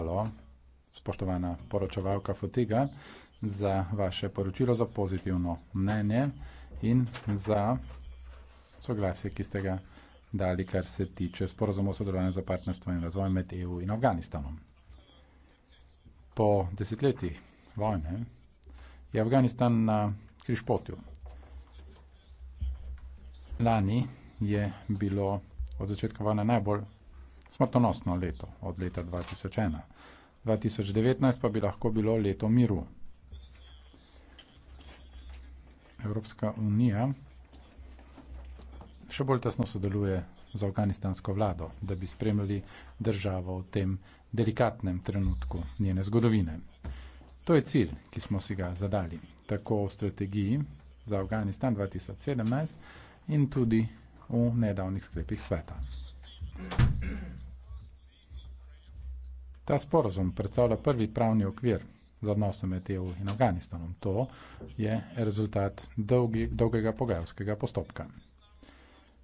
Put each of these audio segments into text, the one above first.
Hvala, spoštovana poročevalka Fotiga, za vaše poročilo, za pozitivno mnenje in za soglasje, ki ste ga dali, kar se tiče sporozumov sodelovanja za partnerstvo in razvoj med EU in Afganistanom. Po desetletjih vojne je Afganistan na križpotju. Lani je bilo od začetka vojne najbolj smrtonosno leto, od leta 2001. 2019 pa bi lahko bilo leto miru. Evropska unija še bolj tesno sodeluje z afganistansko vlado, da bi spremljali državo v tem delikatnem trenutku njene zgodovine. To je cilj, ki smo si ga zadali, tako v strategiji za Afganistan 2017 in tudi v nedavnih sklepih sveta. Thank you. Ta sporozum predstavlja prvi pravni okvir za odnose med EU in Afganistanom. To je rezultat dolgi, dolgega pogajalskega postopka.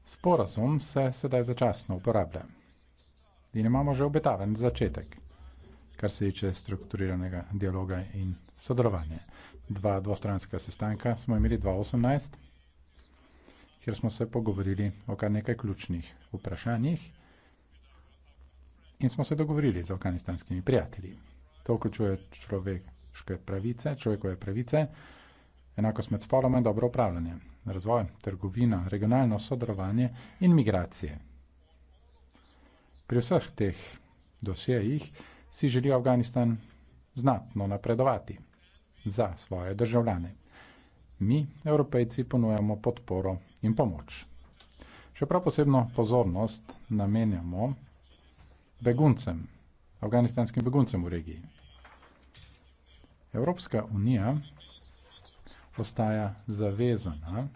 Sporozum se sedaj začasno uporablja in imamo že obetaven začetek, kar se tiče strukturiranega dialoga in sodelovanja. Dva dvostranska sestanka smo imeli 2018, kjer smo se pogovorili o kar nekaj ključnih vprašanjih in smo se dogovorili z afganistanskimi prijatelji. To vključuje človeške pravice, človekove pravice, enakost med spoloma in dobro upravljanje, razvoj, trgovino, regionalno sodelovanje in migracije. Pri vseh teh dosjejih si želi Afganistan znatno napredovati za svoje državljane. Mi, evropejci, ponujamo podporo in pomoč. Še prav posebno pozornost namenjamo beguncem, afganistanskim beguncem v regiji. Evropska unija ostaja zavezana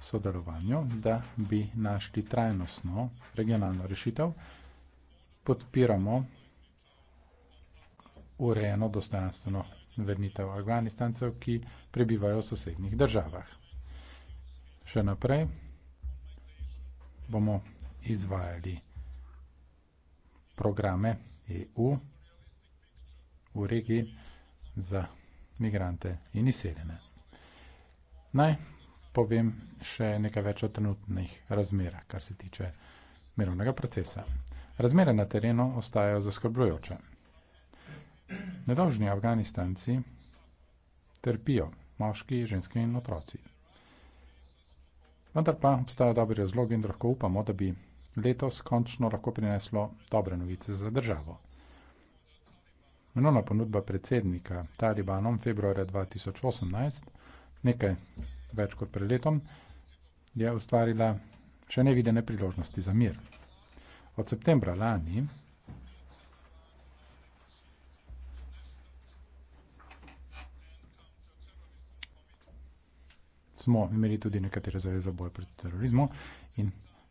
sodelovanju, da bi našli trajnostno regionalno rešitev. Podpiramo urejeno dostojanstveno vrnitev Afganistancev, ki prebivajo v sosednjih državah. Še naprej bomo izvajali programe EU v regiji za migrante in izseljene. Naj povem še nekaj več o trenutnih razmerah, kar se tiče mirovnega procesa. Razmere na terenu ostajajo zaskrbljujoče. Nedolžni Afganistanci trpijo moški, ženske in otroci. Vendar pa obstajajo dobri razlogi in lahko upamo, da bi letos končno lahko prineslo dobre novice za državo. Minula ponudba predsednika talibanom februarja 2018, nekaj več kot pred letom, je ustvarila še nevidene priložnosti za mir. Od septembra lani smo imeli tudi nekatere zaveze za boj proti terorizmu in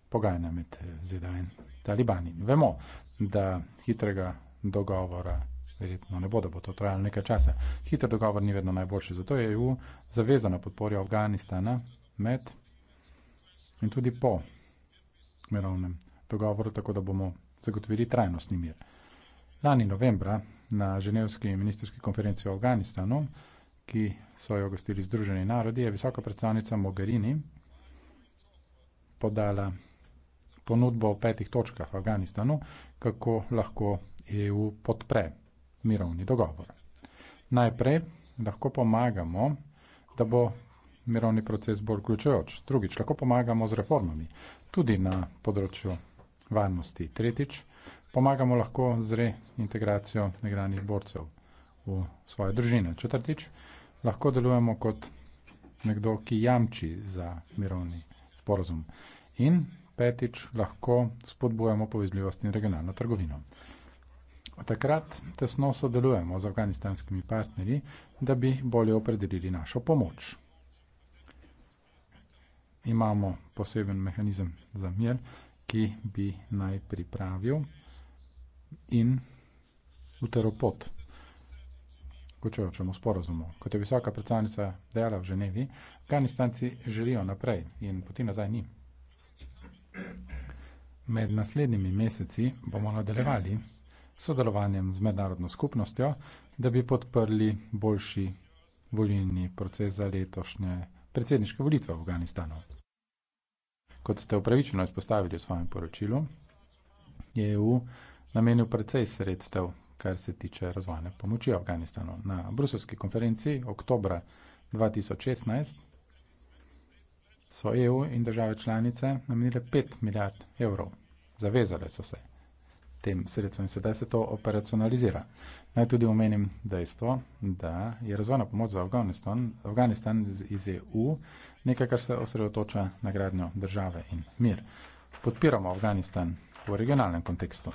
pogajanja med ZDA in talibani. Vemo, da hitrega dogovora verjetno ne bo, da bo to trajalo nekaj časa. Hiter dogovor ni vedno najboljši, zato je EU zavezana podpori Afganistana med in tudi po mirovnem dogovoru, tako da bomo zagotovili trajnostni mir. Lani novembra na ženevski ministerski konferenci v Afganistanu, ki so jo gostili Združeni narodi, je visoka predstavnica Mogherini podala ponudbo o petih točkah v Afganistanu, kako lahko EU podpre mirovni dogovor. Najprej lahko pomagamo, da bo mirovni proces bolj ključujoč. Drugič, lahko pomagamo z reformami, tudi na področju varnosti. Tretjič, pomagamo lahko z reintegracijo negranih borcev v svoje družine. Četrtič, lahko delujemo kot nekdo, ki jamči za mirovni sporozum. In petič lahko spodbujamo povezljivost in regionalno trgovino. Od takrat tesno sodelujemo z afganistanskimi partnerji, da bi bolje opredelili našo pomoč. Imamo poseben mehanizem za mir, ki bi naj pripravil in uteropot, ko če očemo sporozumo. Kot je visoka predstavnica dejala v Ženevi, Afganistanci želijo naprej in poti nazaj ni. Med naslednjimi meseci bomo nadaljevali s sodelovanjem z mednarodno skupnostjo, da bi podprli boljši volilni proces za letošnje predsedniške volitve v Afganistanu. Kot ste upravičeno izpostavili v svojem poročilu, je EU namenil precej sredstev, kar se tiče razvojne pomoči Afganistanu. Na bruselski konferenci oktobra 2016 so EU in države članice namenile 5 milijard evrov. Zavezale so se tem sredstvom in sedaj se to operacionalizira. Naj tudi omenim dejstvo, da je razvojna pomoč za Afganistan, Afganistan iz EU nekaj, kar se osredotoča na gradnjo države in mir. Podpiramo Afganistan v regionalnem kontekstu.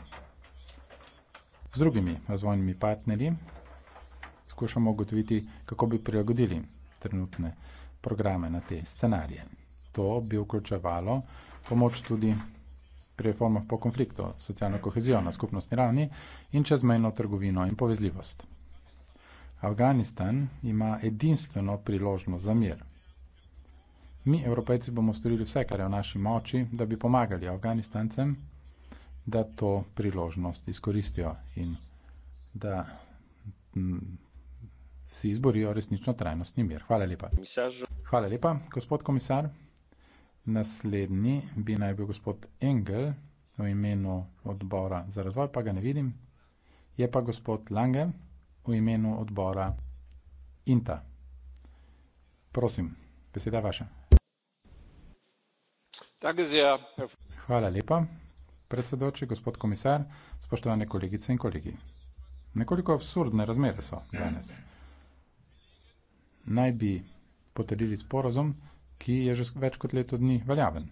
Z drugimi razvojnimi partnerji skušamo ugotoviti, kako bi prilagodili trenutne programe na te scenarije. To bi vključevalo pomoč tudi pri reformah po konfliktu, socialno kohezijo na skupnostni ravni in čezmejno trgovino in povezljivost. Afganistan ima edinstveno priložnost za mir. Mi, evropejci, bomo storili vse, kar je v naši moči, da bi pomagali Afganistancem, da to priložnost izkoristijo in da si izborijo resnično trajnostni mir. Hvala lepa. Hvala lepa, gospod komisar. Naslednji bi naj bil gospod Engel v imenu odbora za razvoj, pa ga ne vidim. Je pa gospod Lange v imenu odbora INTA. Prosim, beseda je vaša. Hvala lepa, predsedujoči, gospod komisar, spoštovane kolegice in kolegi. Nekoliko absurdne razmere so danes. Naj bi potrdili sporazum ki je že več kot leto dni veljaven.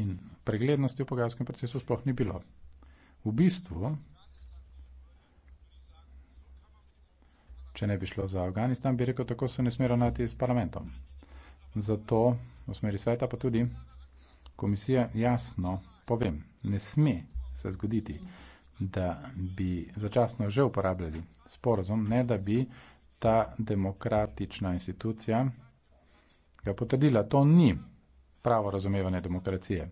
In preglednosti v pogajalskem procesu sploh ni bilo. V bistvu, če ne bi šlo za Afganistan, bi rekel, tako se ne sme ravnati s parlamentom. Zato v smeri sveta pa tudi komisija jasno povem, ne sme se zgoditi, da bi začasno že uporabljali sporozum, ne da bi ta demokratična institucija ga potrdila. To ni pravo razumevanje demokracije.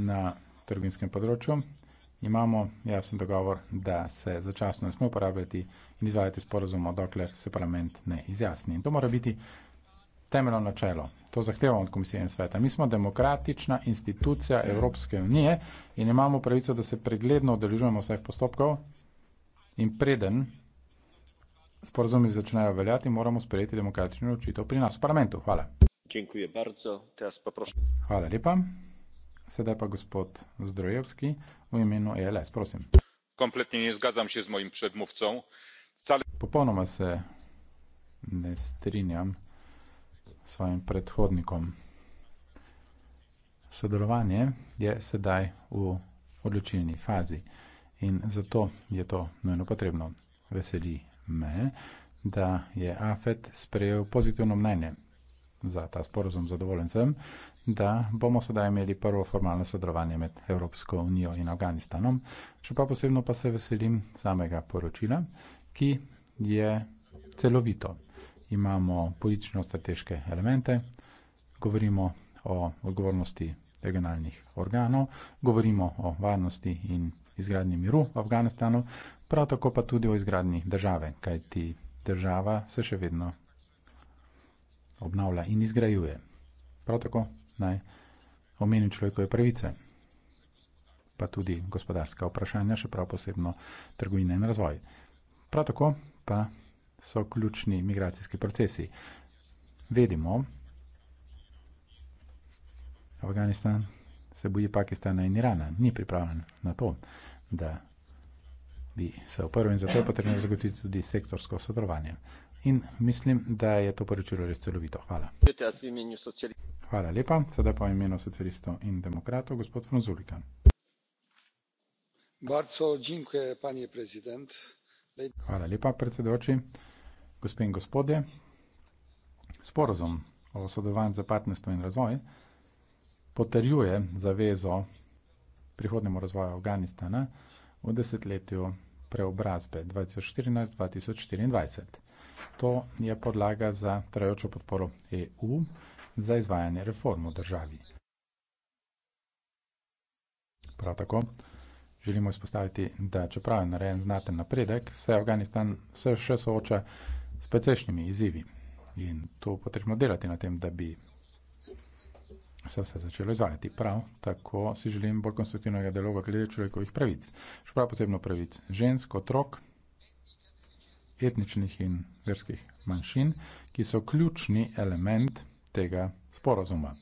Na trgovinskem področju imamo jasen dogovor, da se začasno ne smo uporabljati in izvajati sporozumo, dokler se parlament ne izjasni. In to mora biti temeljno načelo. To zahtevamo od Komisije in sveta. Mi smo demokratična institucija Evropske unije in imamo pravico, da se pregledno odeležujemo vseh postopkov in preden sporozumi začnejo veljati, moramo sprejeti demokratično odločitev pri nas v parlamentu. Hvala. Hvala lepa. Sedaj pa gospod Zdrojevski v imenu ELS, prosim. Kompletno ne zgadzam se z mojim predmovcem. Cale... Popolnoma se ne strinjam s svojim predhodnikom. Sodelovanje je sedaj v odločilni fazi in zato je to nujno potrebno. Veseli me, da je AFET sprejel pozitivno mnenje za ta sporozum. Zadovoljen sem, da bomo sedaj imeli prvo formalno sodelovanje med Evropsko unijo in Afganistanom. Še pa posebno pa se veselim samega poročila, ki je celovito. Imamo politično-strateške elemente, govorimo o odgovornosti regionalnih organov, govorimo o varnosti in izgradnji miru v Afganistanu, prav tako pa tudi o izgradnji države, kajti država se še vedno obnavlja in izgrajuje. Prav tako naj omenim človekove pravice, pa tudi gospodarska vprašanja, še prav posebno trgovina in razvoj. Prav tako pa so ključni migracijski procesi. Vedimo, Afganistan se boji Pakistana in Irana, ni pripravljen na to, da bi se oprl in zato je potrebno zagotoviti tudi sektorsko sodelovanje. In mislim, da je to poročilo res celovito. Hvala. Hvala lepa. Sedaj pa v imenu socialistov in demokratov, gospod Franzulika. Hvala lepa, predsedoči. Gospe in gospodje, sporozum o sodelovanju za partnerstvo in razvoj potrjuje zavezo prihodnemu razvoju Afganistana v desetletju preobrazbe 2014-2024. To je podlaga za trajočo podporo EU za izvajanje reform v državi. Prav tako želimo izpostaviti, da čeprav je narejen znaten napredek, se Afganistan vse še sooča s precejšnjimi izzivi. In to potrebno delati na tem, da bi se vse začelo izvajati. Prav tako si želim bolj konstruktivnega dialoga glede človekovih pravic, še prav posebno pravic žensk, otrok, etničnih in verskih manjšin, ki so ključni element tega sporazuma.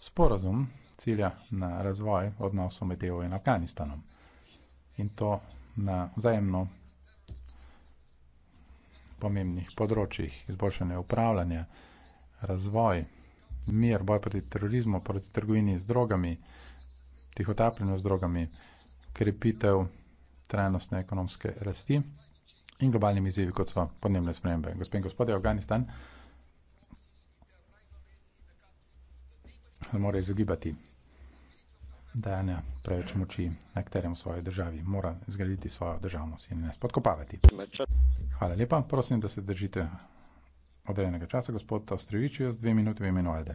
Sporazum cilja na razvoj odnosov med EU in Afganistanom in to na vzajemno pomembnih področjih izboljšanja upravljanja, razvoj mir, boj proti terorizmu, proti trgovini z drogami, tihotapljenju z drogami, krepitev trajnostne ekonomske rasti in globalnim izzivi, kot so podnebne spremembe. Gospod in gospode, Afganistan mora izogibati dajanja preveč moči nekaterim v svoji državi. Mora zgraditi svojo državnost in ne spodkopavati. Hvala lepa, prosim, da se držite odrejenega časa. Gospod Ostrevičius, dve minuti v imenu Alde.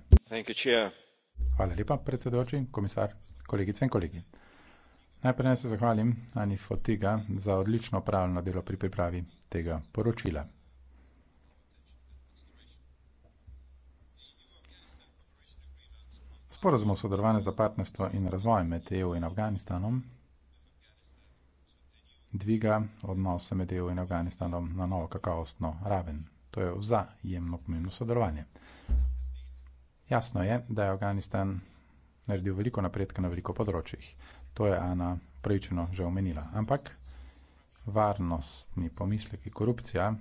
Hvala lepa, predsedoči, komisar, kolegice in kolegi. Najprej naj se zahvalim Ani Fotiga za odlično upravljeno delo pri pripravi tega poročila. Sporazum o sodelovanju za partnerstvo in razvoj med EU in Afganistanom dviga odnose med EU in Afganistanom na novo kakovostno raven. To je vzajemno pomembno sodelovanje. Jasno je, da je Afganistan naredil veliko napredka na veliko področjih. To je Ana pravično že omenila. Ampak varnostni pomisleki, korupcija,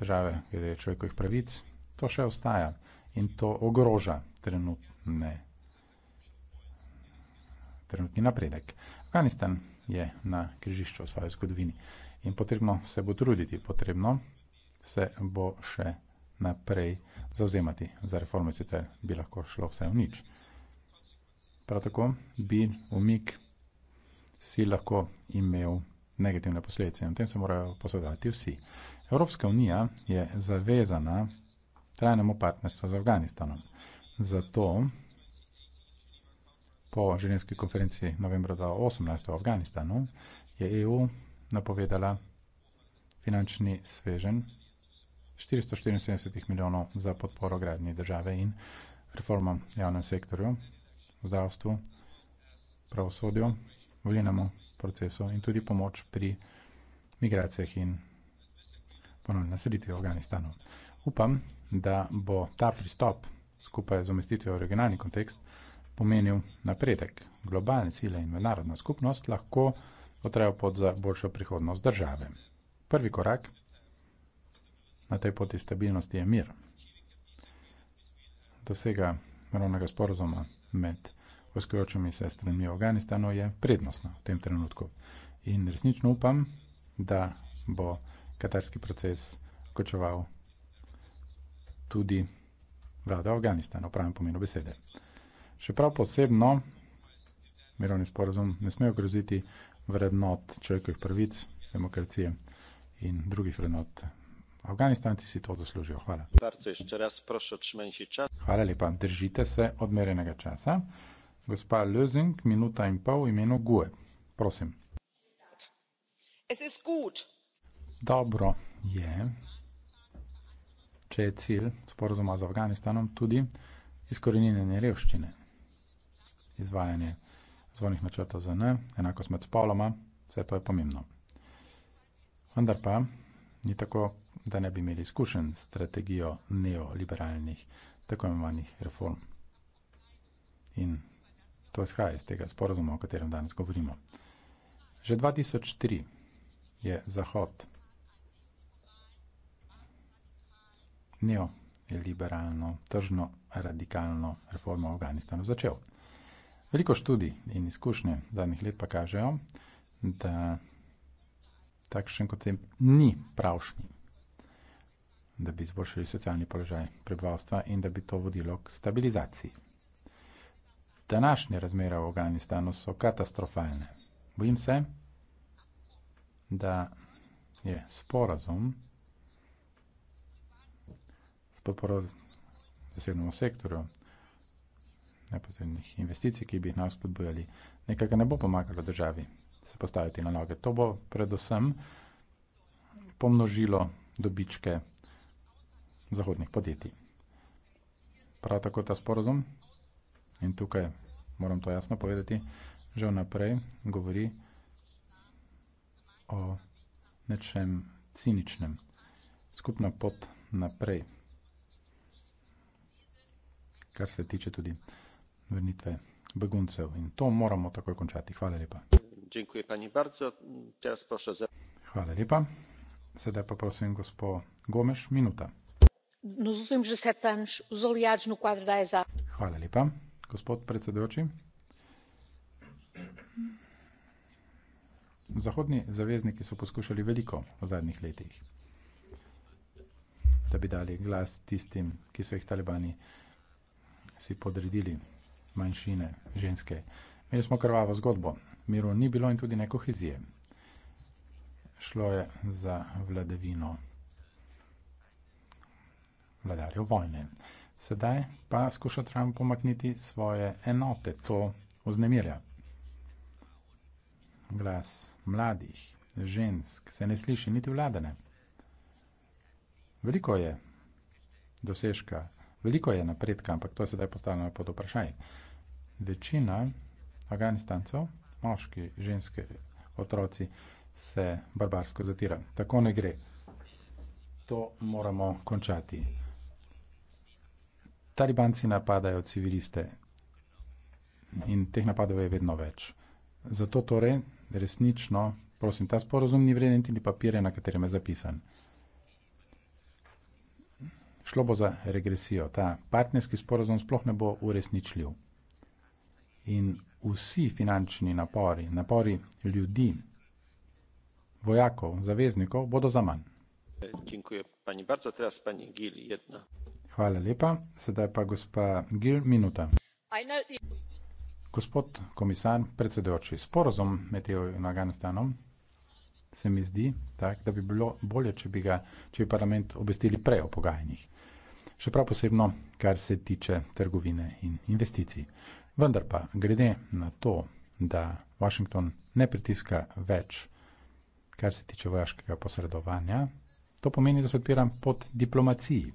težave glede človekovih pravic, to še ostaja in to ogroža trenutne, trenutni napredek. Afganistan je na križišču v svoji zgodovini in potrebno se bo truditi, potrebno se bo še naprej zauzemati za reforme, sicer bi lahko šlo vse v nič. Prav tako bi umik si lahko imel negativne posledice in o tem se morajo posvetovati vsi. Evropska unija je zavezana trajnemu partnerstvu z Afganistanom. Zato po ženevski konferenci novembra 2018 v Afganistanu je EU napovedala finančni svežen 474 milijonov za podporo gradnji države in reformam javnem sektorju, zdravstvu, pravosodju, volilnemu procesu in tudi pomoč pri migracijah in ponovni naselitvi v Afganistanu. Upam, da bo ta pristop skupaj z umestitvijo v regionalni kontekst pomenil napredek. Globalne sile in mednarodna skupnost lahko potrebujejo pod za boljšo prihodnost države. Prvi korak на тај поти стабилности е мир. До сега мировнага споразума мед во кој очуми се стрени Афганистан, но е предносна во тем тренутку. И реснично упам да бо катарски процес кочувал туди влада Афганистан, оправен помино беседе. Ше прав посебно, мировни споразум не смеја грузити вреднот човекових првиц, демокрација и други вреднот Afganistanci si to zaslužijo. Hvala. Hvala lepa. Držite se odmerenega časa. Gospa Lözing, minuta in pol, imeno Gue. Prosim. Dobro je, če je cilj sporozuma z Afganistanom tudi izkoreninjenje revščine, izvajanje zvonih načrtov za ne, enako smet spoloma, vse to je pomembno. Vendar pa ni tako da ne bi imeli izkušen strategijo neoliberalnih tako imenovanih reform. In to izhaja iz tega sporozuma, o katerem danes govorimo. Že 2003 je Zahod neoliberalno, tržno, radikalno reformo v Afganistanu začel. Veliko študij in izkušnje zadnjih let pa kažejo, da takšen koncept ni pravšnji da bi izboljšali socialni položaj prebivalstva in da bi to vodilo k stabilizaciji. Današnje razmere v Afganistanu so katastrofalne. Bojim se, da je sporazum s podporo zasebnemu sektorju neposrednih investicij, ki bi jih nas podbojali, nekaj, ne bo pomagalo državi se postaviti na noge. To bo predvsem pomnožilo dobičke zahodnih podjetij. Prav tako ta sporozum, in tukaj moram to jasno povedati, že vnaprej govori o nečem ciničnem. Skupna pot naprej, kar se tiče tudi vrnitve beguncev. In to moramo takoj končati. Hvala lepa. Hvala lepa. Sedaj pa prosim gospod Gomeš, minuta nos últimos 17 anos, os aliados no quadro da ESAP. Hvala lepa, gospod predsedujoči. Zahodni zavezniki so poskušali veliko v zadnjih letih, da bi dali glas tistim, ki so jih talibani si podredili, manjšine, ženske. Imeli smo krvavo zgodbo, miru ni bilo in tudi ne kohezije. Šlo je za vladavino vladarjev vojne. Sedaj pa skuša Trump pomakniti svoje enote, to oznemirja. Glas mladih, žensk se ne sliši niti vladane. Veliko je dosežka, veliko je napredka, ampak to je sedaj postavljeno pod vprašaj. Večina Afganistancov, moški, ženske, otroci, se barbarsko zatira. Tako ne gre. To moramo končati. Talibanci napadajo civiliste in teh napadov je vedno več. Zato torej, resnično, prosim, ta sporozum ni vreden tudi papire, na katerem je zapisan. Šlo bo za regresijo. Ta partnerski sporozum sploh ne bo uresničljiv. In vsi finančni napori, napori ljudi, vojakov, zaveznikov, bodo za manj. Dziękuję pani bardzo. Teraz pani Gil jedna. Hvala lepa. Sedaj pa gospa Gil, minuta. Gospod komisar, predsedujoči, sporozum med EU in Afganistanom se mi zdi tak, da bi bilo bolje, če bi, ga, če bi parlament obvestili prej o pogajanjih. Še prav posebno, kar se tiče trgovine in investicij. Vendar pa glede na to, da Washington ne pritiska več, kar se tiče vojaškega posredovanja, to pomeni, da se odpira pot diplomaciji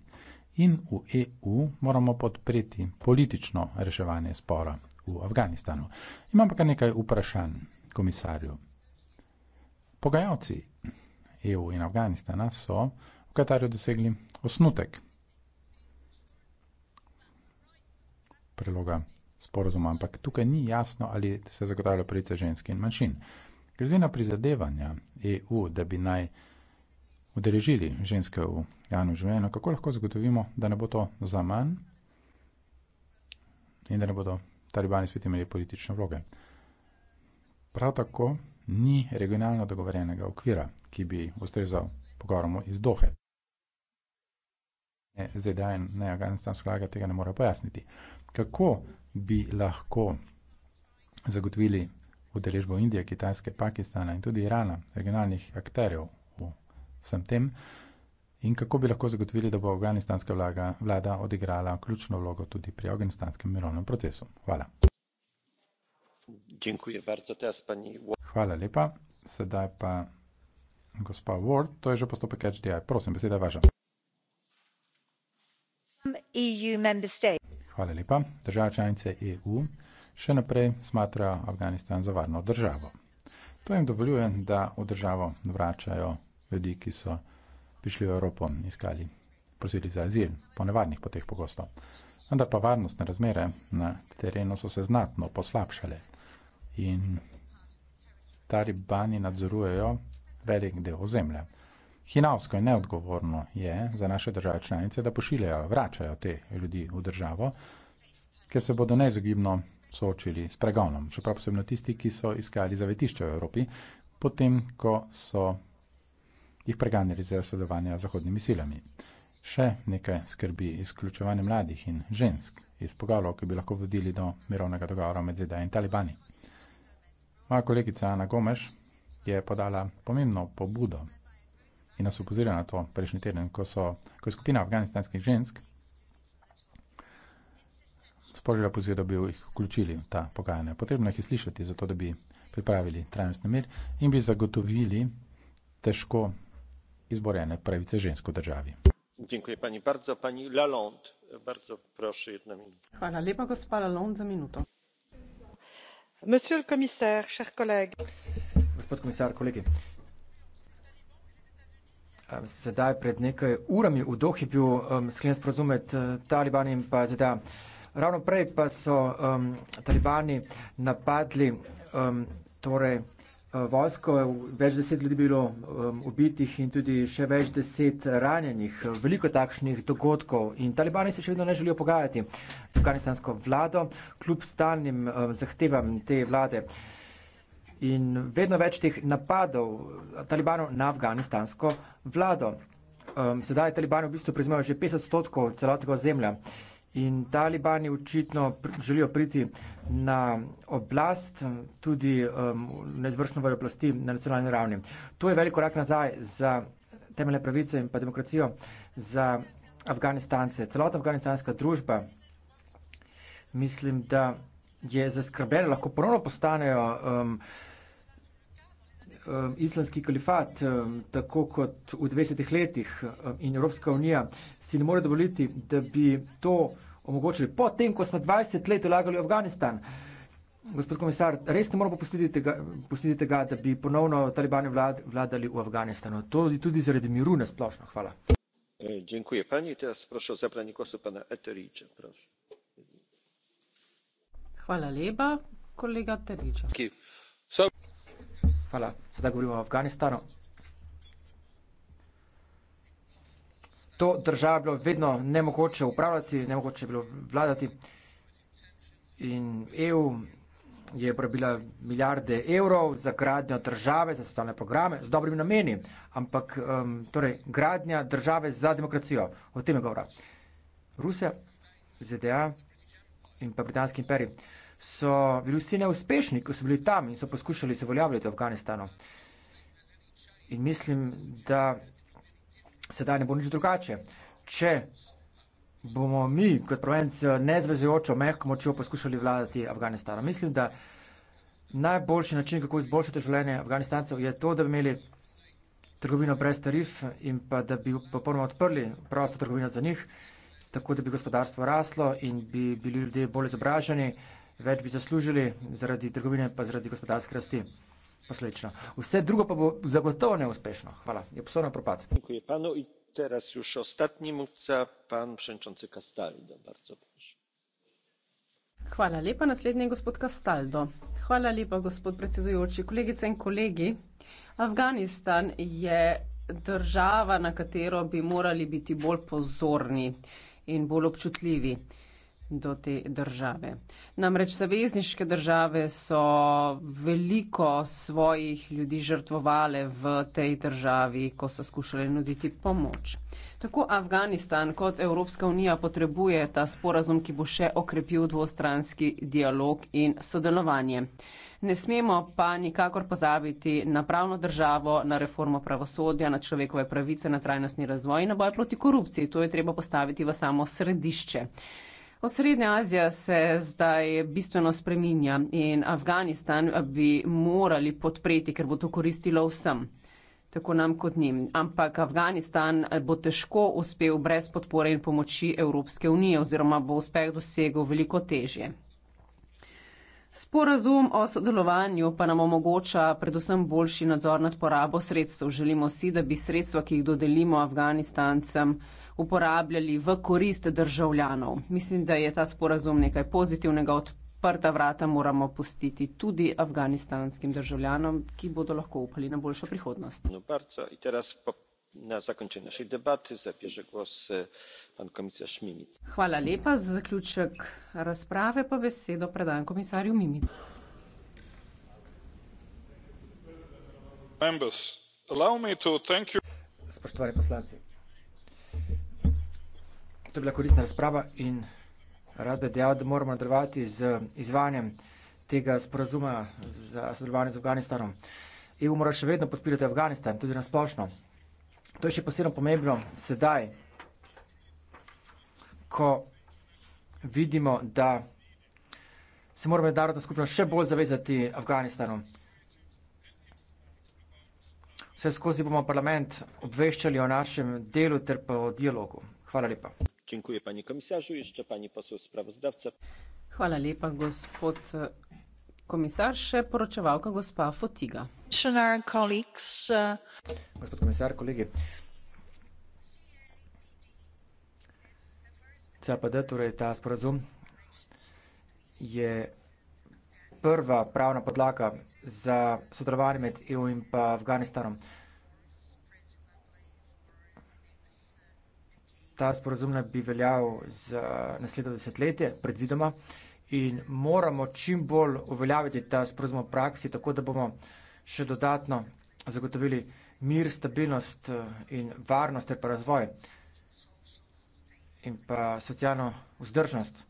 in v EU moramo podpreti politično reševanje spora v Afganistanu. Imam pa kar nekaj vprašanj komisarju. Pogajalci EU in Afganistana so v Katarju dosegli osnutek preloga sporozuma, ampak tukaj ni jasno, ali se zagotavlja pravice ženske in manjšin. Glede na prizadevanja EU, da bi naj udeležili ženske v javnem življenju, kako lahko zagotovimo, da ne bo to za manj in da ne bodo talibani spet imeli politične vloge. Prav tako ni regionalno dogovorjenega okvira, ki bi ustrezal pogovorom iz Dohe. Ne ZDA in ne Afganistansko lage tega ne more pojasniti. Kako bi lahko zagotovili udeležbo Indije, Kitajske, Pakistana in tudi Irana, regionalnih akterjev vsem tem in kako bi lahko zagotovili, da bo afganistanska vlaga, vlada odigrala ključno vlogo tudi pri afganistanskem mirovnem procesu. Hvala. Hvala lepa. Sedaj pa gospa Ward, to je že postopek HDI. Prosim, beseda je vaša. Um, e Hvala lepa. Država članice EU še naprej smatrajo Afganistan za varno državo. To jim dovoljuje, da v državo vračajo ljudi, ki so prišli v Evropo in iskali prosili za azil, po nevarnih poteh pogosto. Vendar pa varnostne razmere na terenu so se znatno poslabšale in talibani nadzorujejo velik del ozemlja. Hinavsko in neodgovorno je za naše države članice, da pošiljajo, vračajo te ljudi v državo, ker se bodo neizogibno soočili s pregonom, čeprav posebno tisti, ki so iskali zavetišče v Evropi, potem, ko so jih preganjali za sodelovanje z zahodnimi silami. Še nekaj skrbi izključevanje mladih in žensk iz pogovorov, ki bi lahko vodili do mirovnega dogovora med ZDA in talibani. Moja kolegica Ana Gomeš je podala pomembno pobudo in nas upozorila na to prejšnji teden, ko, so, ko je skupina afganistanskih žensk sprožila poziv, da bi jih vključili v ta pogajanja. Potrebno jih je slišati, zato da bi pripravili trajnostni mir in bi zagotovili težko izborjene pravice žensk v državi. Dziękuję pani bardzo. Pani Lalonde, bardzo proszę, jedna minuta. Hvala lepa, gospa Lalonde, za minuto. Gospod komisar, kolegi. Sedaj pred nekaj urami v Dohi bil um, sklenjen sporazum med uh, talibani in pa ZDA. Ravno prej pa so um, talibani napadli um, torej, Eh, vojsko, eh, več deset ljudi bilo ubitih in tudi še več deset ranjenih, veliko takšnih dogodkov in talibani se še vedno ne želijo pogajati z afganistansko vlado, kljub stalnim zahtevam te vlade. In vedno več teh napadov eh, talibanov na afganistansko vlado. Sedaj talibani v bistvu prezimajo že 50 odstotkov celotnega zemlja. In talibani očitno želijo priti na oblast, tudi um, na izvršno vojo oblasti na nacionalni ravni. To je velik korak nazaj za temeljne pravice in pa demokracijo za Afganistance. Celotna afganistanska družba, mislim, da je zaskrbena, lahko ponovno postanejo. Um, um, islamski kalifat, um, tako kot v 20 letih um, in Evropska unija, si ne more dovoliti, da bi to omogočili. Potem, ko smo 20 let ulagali v Afganistan, gospod komisar, res ne moramo pustiti tega, pustiti tega da bi ponovno talibani vlad, vladali v Afganistanu. To je tudi zaradi miru na splošno. Hvala. E, dziękuję pani. Teraz proszę o zabranie głosu pana Eterića. Proszę. Hvala lepa, kolega Eterića. Hvala. Sedaj govorimo o Afganistanu. To državo je bilo vedno nemogoče upravljati, nemogoče je bilo vladati. In EU je porabila milijarde evrov za gradnjo države, za socialne programe, z dobrimi nameni, ampak um, torej, gradnja države za demokracijo, o tem je govora. Rusija, ZDA in pa Britanski imperij so bili vsi neuspešni, ko so bili tam in so poskušali se voljavljati v Afganistanu. In mislim, da sedaj ne bo nič drugače. Če bomo mi, kot provencijo, nezvezujočo mehko močjo poskušali vladati Afganistanu. Mislim, da najboljši način, kako izboljšati življenje Afganistancev, je to, da bi imeli trgovino brez tarif in pa da bi popolnoma odprli prosto trgovino za njih, tako da bi gospodarstvo raslo in bi bili ljudje bolj izobraženi več bi zaslužili zaradi trgovine, pa zaradi gospodarske rasti. Poslečno. Vse drugo pa bo zagotovo neuspešno. Hvala. Je posodno propad. Teraz już ostatni mówca, pan przewodniczący Castaldo. Bardzo proszę. Hvala lepa, naslednji je gospod Kastaldo. Hvala lepa, gospod predsedujoči, kolegice in kolegi. Afganistan je država, na katero bi morali biti bolj pozorni in bolj občutljivi do te države. Namreč savezniške države so veliko svojih ljudi žrtvovale v tej državi, ko so skušale nuditi pomoč. Tako Afganistan kot Evropska unija potrebuje ta sporazum, ki bo še okrepil dvostranski dialog in sodelovanje. Ne smemo pa nikakor pozabiti na pravno državo, na reformo pravosodja, na človekove pravice, na trajnostni razvoj in na boj proti korupciji. To je treba postaviti v samo središče. Osrednja Azija se zdaj bistveno spreminja in Afganistan bi morali podpreti, ker bo to koristilo vsem, tako nam kot njim. Ampak Afganistan bo težko uspel brez podpore in pomoči Evropske unije oziroma bo uspeh dosegel veliko težje. Sporazum o sodelovanju pa nam omogoča predvsem boljši nadzor nad porabo sredstev. Želimo si, da bi sredstva, ki jih dodelimo Afganistancem, uporabljali v korist državljanov. Mislim, da je ta sporazum nekaj pozitivnega. Prta vrata moramo pustiti tudi afganistanskim državljanom, ki bodo lahko upali na boljšo prihodnost. No, bardzo. I teraz po, na zakončenje naše debate zapiše glas e, pan komisar Šmimic. Hvala lepa. Za zaključek razprave pa besedo predajam komisarju Mimic. Members, allow me to thank you. Spoštovani poslanci. To je bila koristna razprava in rad bi dejal, da moramo nadaljevati z izvanjem tega sporazuma za sodelovanje z Afganistanom. EU mora še vedno podpirati Afganistan, tudi nasplošno. To je še posebno pomembno sedaj, ko vidimo, da se mora mednarodna skupnost še bolj zavezati Afganistanu. Vse skozi bomo parlament obveščali o našem delu ter pa o dialogu. Hvala lepa. Dziękuję panie komisarzu, jeszcze pani poseł sprawozdawca. Hvala lepa, gospod komisar. Še poročevalka, gospa Fotiga. Uh, gospod komisar, kolegi. CPD, torej ta sporazum, je prva pravna podlaga za sodelovanje med EU in pa Afganistanom. ta sporozum naj bi veljal za naslednje desetletje, predvidoma, in moramo čim bolj uveljaviti ta sporozum v praksi, tako da bomo še dodatno zagotovili mir, stabilnost eh, in varnost ter pa razvoj in pa socialno vzdržnost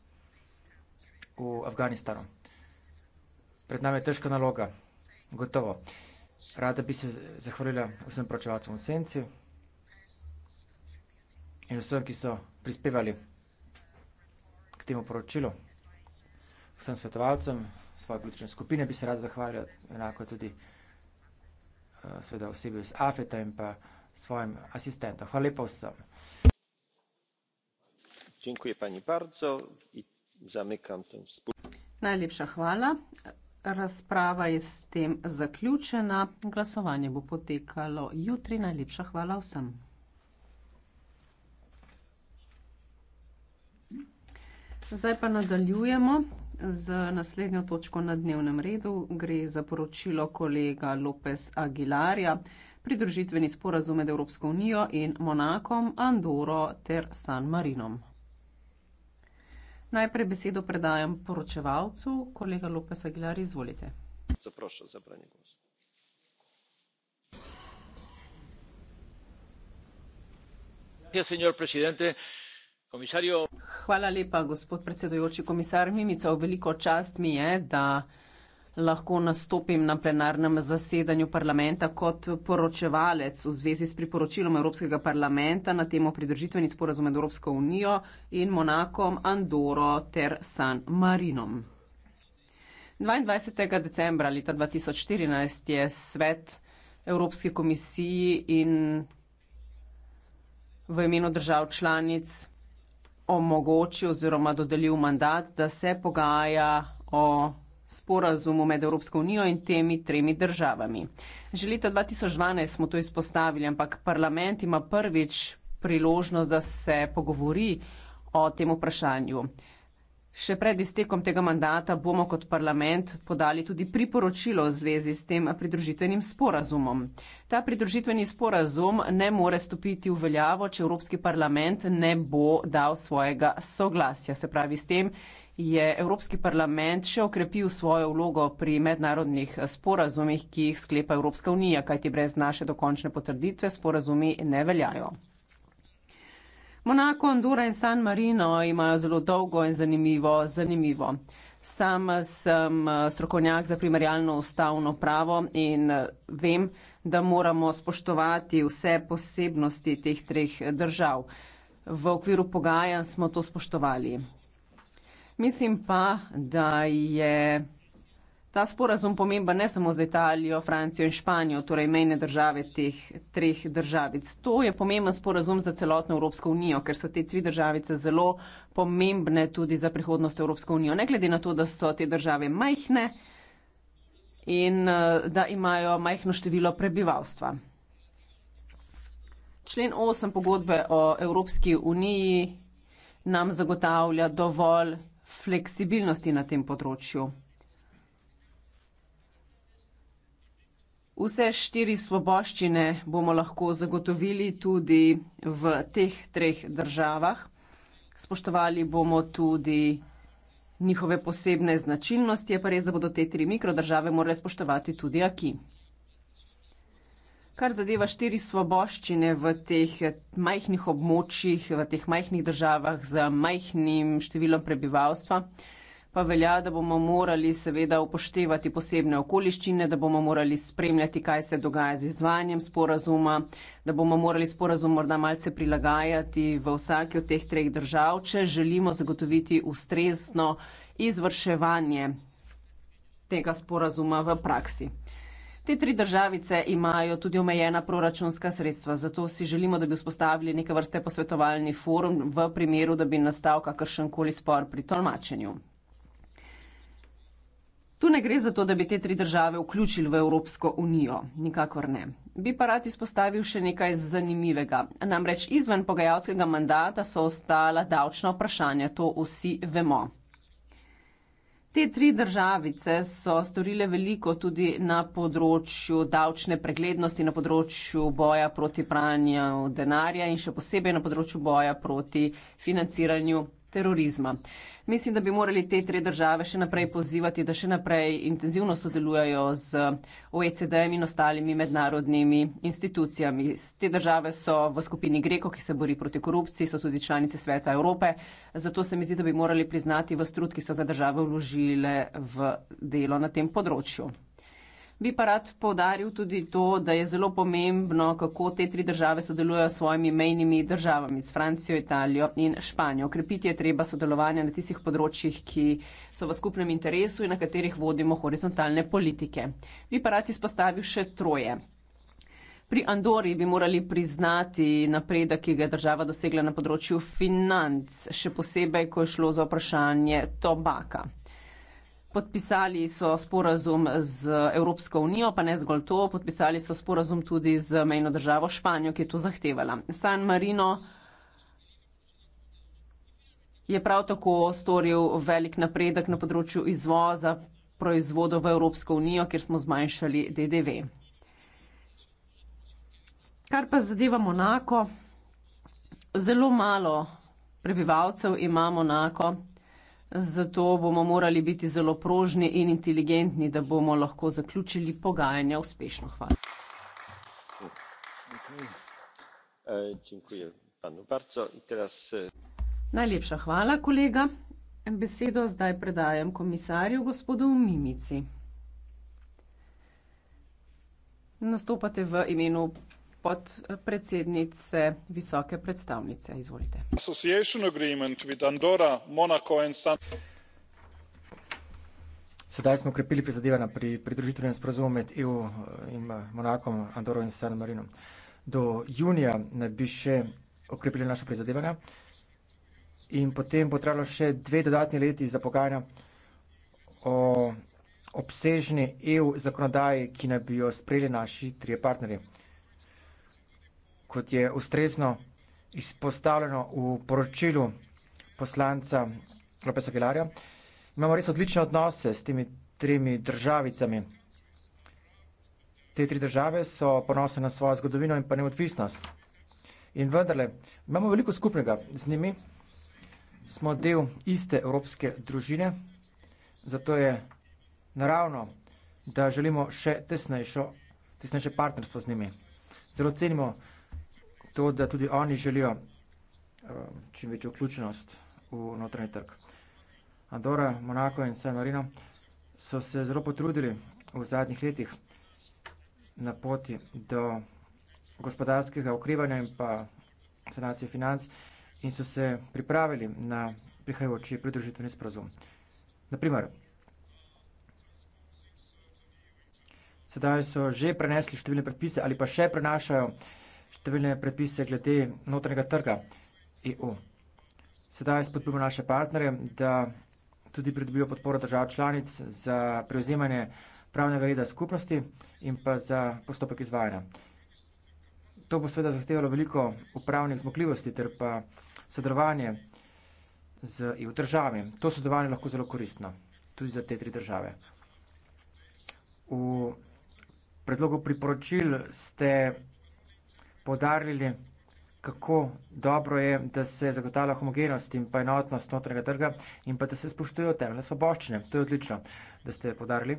v Afganistanu. Pred nami je težka naloga, gotovo. Rada bi se zahvalila vsem pročevalcem v senci in vsem, ki so prispevali k temu poročilu. Vsem svetovalcem svoje politične skupine bi se rad zahvalil, enako tudi eh, seveda osebi iz Afeta in pa svojim asistentom. Hvala lepa vsem. Najlepša hvala. Razprava je s tem zaključena. Glasovanje bo potekalo jutri. Najlepša hvala vsem. Zdaj pa nadaljujemo z naslednjo točko na dnevnem redu. Gre za poročilo kolega Lopez Aguilarja, pridružitveni sporazum med Evropsko unijo in Monakom, Andoro ter San Marinom. Najprej besedo predajam poročevalcu, kolega Lopez Aguilar, izvolite. Zaprošal, zabranje, Gracias, señor presidente. Komisarju. Hvala lepa, gospod predsedujoči komisar Mimica. Veliko čast mi je, da lahko nastopim na plenarnem zasedanju parlamenta kot poročevalec v zvezi s priporočilom Evropskega parlamenta na temo pridržitveni sporazum med Evropsko unijo in Monakom, Andoro ter San Marinom. 22. decembra leta 2014 je svet Evropske komisiji in v imenu držav članic omogočil oziroma dodelil mandat, da se pogaja o sporazumu med Evropsko unijo in temi tremi državami. Že leta 2012 smo to izpostavili, ampak parlament ima prvič priložnost, da se pogovori o tem vprašanju. Še pred iztekom tega mandata bomo kot parlament podali tudi priporočilo v zvezi s tem pridružitvenim sporazumom. Ta pridružitveni sporazum ne more stopiti v veljavo, če Evropski parlament ne bo dal svojega soglasja. Se pravi, s tem je Evropski parlament še okrepil svojo vlogo pri mednarodnih sporazumih, ki jih sklepa Evropska unija, kajti brez naše dokončne potrditve sporazumi ne veljajo. Monako, Andora in San Marino imajo zelo dolgo in zanimivo, zanimivo. Sam sem eh, strokovnjak za primerjalno ustavno pravo in eh, vem, da moramo spoštovati vse posebnosti teh treh eh, držav. V okviru pogajanj smo to spoštovali. Mislim pa, da je Ta sporazum pomemben ne samo za Italijo, Francijo in Španijo, torej mejne države teh treh državic. To je pomemben sporazum za celotno Evropsko unijo, ker so te tri državice zelo pomembne tudi za prihodnost Evropsko unijo, ne glede na to, da so te države majhne in eh, da imajo majhno število prebivalstva. Člen 8 pogodbe o Evropski uniji nam zagotavlja dovolj fleksibilnosti na tem področju. Vse štiri svoboščine bomo lahko zagotovili tudi v teh treh državah. Spoštovali bomo tudi njihove posebne značilnosti, je pa res, da bodo te tri mikrodržave morale spoštovati tudi aki. Kar zadeva štiri svoboščine v teh majhnih območjih, v teh majhnih državah z majhnim številom prebivalstva pa velja, da bomo morali seveda upoštevati posebne okoliščine, da bomo morali spremljati, kaj se dogaja z izvanjem sporazuma, da bomo morali sporazum morda malce prilagajati v vsaki od teh treh držav, če želimo zagotoviti ustrezno izvrševanje tega sporazuma v praksi. Te tri državice imajo tudi omejena proračunska sredstva, zato si želimo, da bi vzpostavili neke vrste posvetovalni forum v primeru, da bi nastal kakršen koli spor pri tolmačenju. Tu ne gre za to, da bi te tri države vključili v Evropsko unijo, nikakor ne. Bi pa rad izpostavil še nekaj zanimivega. Namreč izven pogajalskega mandata so ostala davčna vprašanja, to vsi vemo. Te tri državice so storile veliko tudi na področju davčne preglednosti, na področju boja proti pranju denarja in še posebej na področju boja proti financiranju terorizma. Mislim, da bi morali te tri države še naprej pozivati, da še naprej intenzivno sodelujajo z OECD in ostalimi mednarodnimi institucijami. Te države so v skupini Greko, ki se bori proti korupciji, so tudi članice Sveta Evrope. Zato se mi zdi, da bi morali priznati v strud, ki so ga države vložile v delo na tem področju. Bi pa rad povdaril tudi to, da je zelo pomembno, kako te tri države sodelujo s svojimi mejnimi državami, s Francijo, Italijo in Španijo. Okrepiti je treba sodelovanje na tistih področjih, ki so v skupnem interesu in na katerih vodimo horizontalne politike. Bi pa rad izpostavil še troje. Pri Andori bi morali priznati napredek, ki ga je država dosegla na področju financ, še posebej, ko je šlo za vprašanje tobaka. Podpisali so sporazum z Evropsko unijo, pa ne zgolj to, podpisali so sporazum tudi z mejno državo Španijo, ki je to zahtevala. San Marino je prav tako storil velik napredek na področju izvoza proizvodov v Evropsko unijo, kjer smo zmanjšali DDV. Kar pa zadeva Monako, zelo malo prebivalcev ima Monako. Zato bomo morali biti zelo prožni in inteligentni, da bomo lahko zaključili pogajanja uspešno. Hvala. Najlepša hvala, kolega. Besedo zdaj predajam komisarju, gospodu Mimici. Nastopate v imenu pod predsednice visoke predstavnice. Izvolite. Sedaj smo krepili prizadevanja pri pridružitvenem sporazumu med EU eh, in eh, Monakom, Andoro in San Marinom. Do junija naj bi še okrepili naše prizadevanja in potem bo trebalo še dve dodatni leti za pogajanja o obsežni EU zakonodaji, ki naj bi jo sprejeli naši trije partnerji kot je ustrezno izpostavljeno v poročilu poslanca Lopesa Gelarja. Imamo res odlične odnose s temi tremi državicami. Te tri države so ponosne na svojo zgodovino in pa neodvisnost. In vendarle, imamo veliko skupnega z njimi, smo del iste evropske družine, zato je naravno, da želimo še tesnejšo, tesnejše partnerstvo z njimi. Zelo cenimo to, da tudi oni želijo uh, čim večjo vključenost v notranji trg. Andora, Monako in San Marino so se zelo potrudili v zadnjih letih na poti do gospodarskega okrevanja in pa sanacije financ in so se pripravili na prihajajoči pridružitveni sporazum. Naprimer, sedaj so že prenesli številne predpise ali pa še prenašajo številne predpise glede notranjega trga EU. Sedaj spodbujamo naše partnerje, da tudi pridobijo podporo držav članic za prevzemanje pravnega reda skupnosti in pa za postopek izvajanja. To bo seveda zahtevalo veliko upravnih zmogljivosti ter pa sodelovanje z EU državami. To sodelovanje je lahko zelo koristno tudi za te tri države. V predlogu priporočil ste podarili, kako dobro je, da se zagotavlja homogenost in pa enotnost notranjega trga in pa da se spoštujejo temeljne svoboščine. To je odlično, da ste podarili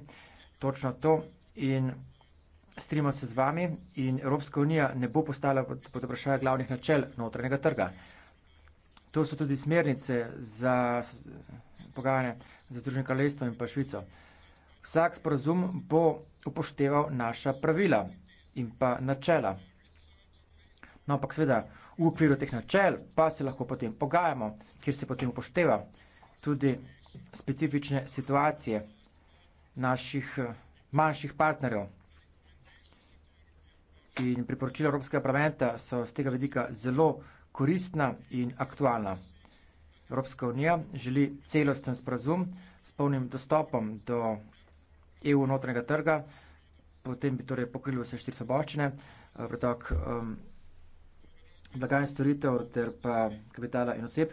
točno to in strimo se z vami in Evropska unija ne bo postala pod, pod vprašanje glavnih načel notranjega trga. To so tudi smernice za pogajanje za Združenje kraljestvo in pa Švico. Vsak sporazum bo upošteval naša pravila in pa načela. No, ampak seveda v okviru teh načel pa se lahko potem pogajamo, kjer se potem upošteva tudi specifične situacije naših eh, manjših partnerjev. In priporočila Evropskega parlamenta so z tega vedika zelo koristna in aktualna. Evropska unija želi celosten sporazum s polnim dostopom do EU notranjega trga, potem bi torej pokrili vse štiri soboščine, eh, pretok um, blaga in storitev ter pa kapitala in oseb.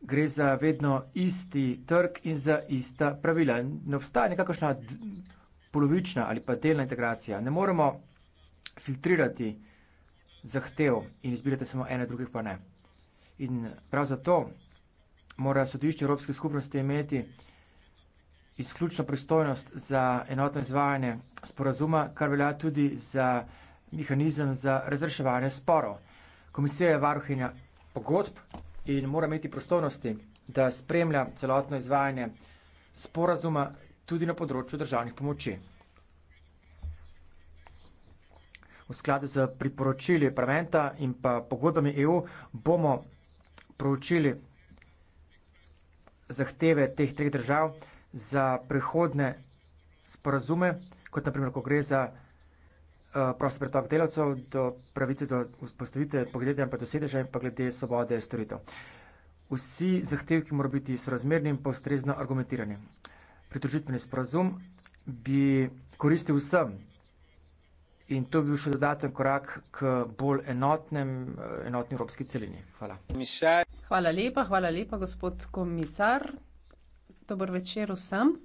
Gre za vedno isti trg in za ista pravila. Ne obstaja nekakšna polovična ali pa delna integracija. Ne moremo filtrirati zahtev in izbirati samo ene, drugih pa ne. In prav zato mora sodišče Evropske skupnosti imeti izključno pristojnost za enotno izvajanje sporazuma, kar velja tudi za mehanizem za razreševanje sporov. Komisija je varuhinja pogodb in mora imeti prostornosti, da spremlja celotno izvajanje sporazuma tudi na področju državnih pomoči. V skladu z priporočili preventa in pa pogodbami EU bomo proučili zahteve teh treh držav za prihodne sporazume, kot naprimer, ko gre za Eh, prosti pretok delavcev, do pravice do vzpostavitve podjetja in pa do sedeža in pa glede svobode storitev. Vsi zahtevki morajo biti sorazmerni in pa ustrezno argumentirani. Pridružitveni sporazum bi koristil vsem in to bi bil še dodaten korak k bolj enotnem, eh, enotni evropski celini. Hvala. Hvala lepa, hvala lepa, gospod komisar. Dobro večer vsem.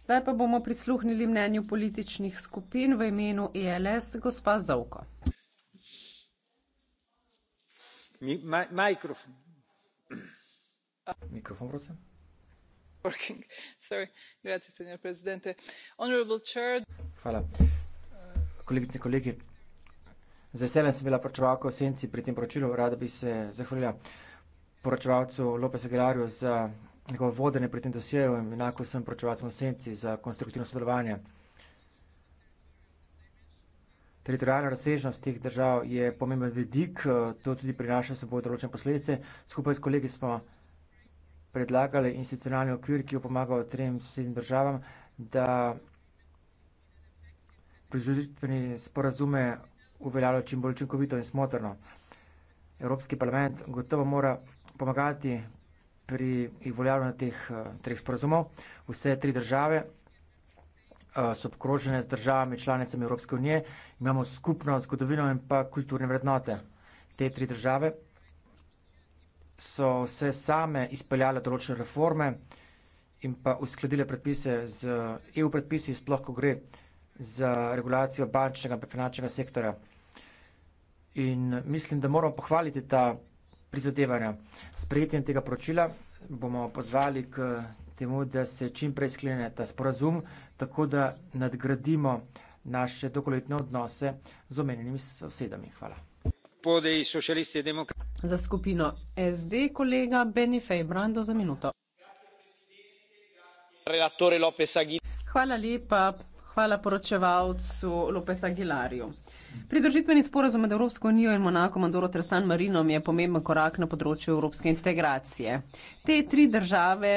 Zdaj pa bomo prisluhnili mnenju političnih skupin v imenu ELS, gospa Zovko. Mi, maj, mikrofon. Mikrofon, prosim. Hvala. Kolegice in kolegi, z veseljem sem bila poročevalka v senci pri tem poročilu, rada bi se zahvalila poročevalcu Lopesu Aguilarju za njegovo vodenje pri tem dosjeju in enako vsem pročevalcem v senci za konstruktivno sodelovanje. Teritorijalna razsežnost teh držav je pomemben vidik, eh, to tudi prinaša s seboj določene posledice. Skupaj s kolegi smo predlagali institucionalni okvir, ki jo pomaga trem sosednjim državam, da pridružitveni sporazume uveljavljajo čim bolj učinkovito in smotrno. Evropski parlament gotovo mora pomagati pri uveljavljanju teh eh, treh sporazumov. Vse tri države eh, so obkrožene z državami članicami Evropske unije, imamo skupno zgodovino in pa kulturne vrednote. Te tri države so vse same izpeljale določene reforme in pa uskladile predpise z EU predpisi, sploh ko gre za regulacijo bančnega in finančnega sektora. In mislim, da moramo pohvaliti ta prizadevanja. S prijetjem tega poročila bomo pozvali k temu, da se čim prej sklene ta sporazum, tako da nadgradimo naše dokoletne odnose z omenjenimi sosedami. Hvala. Za skupino SD kolega Benifej Brando za minuto. Hvala lepa, hvala poročevalcu Lopes Aguilarju. Pridružitveni sporazum med Evropsko unijo in Monako, Mandoro ter San Marinom je pomemben korak na področju evropske integracije. Te tri države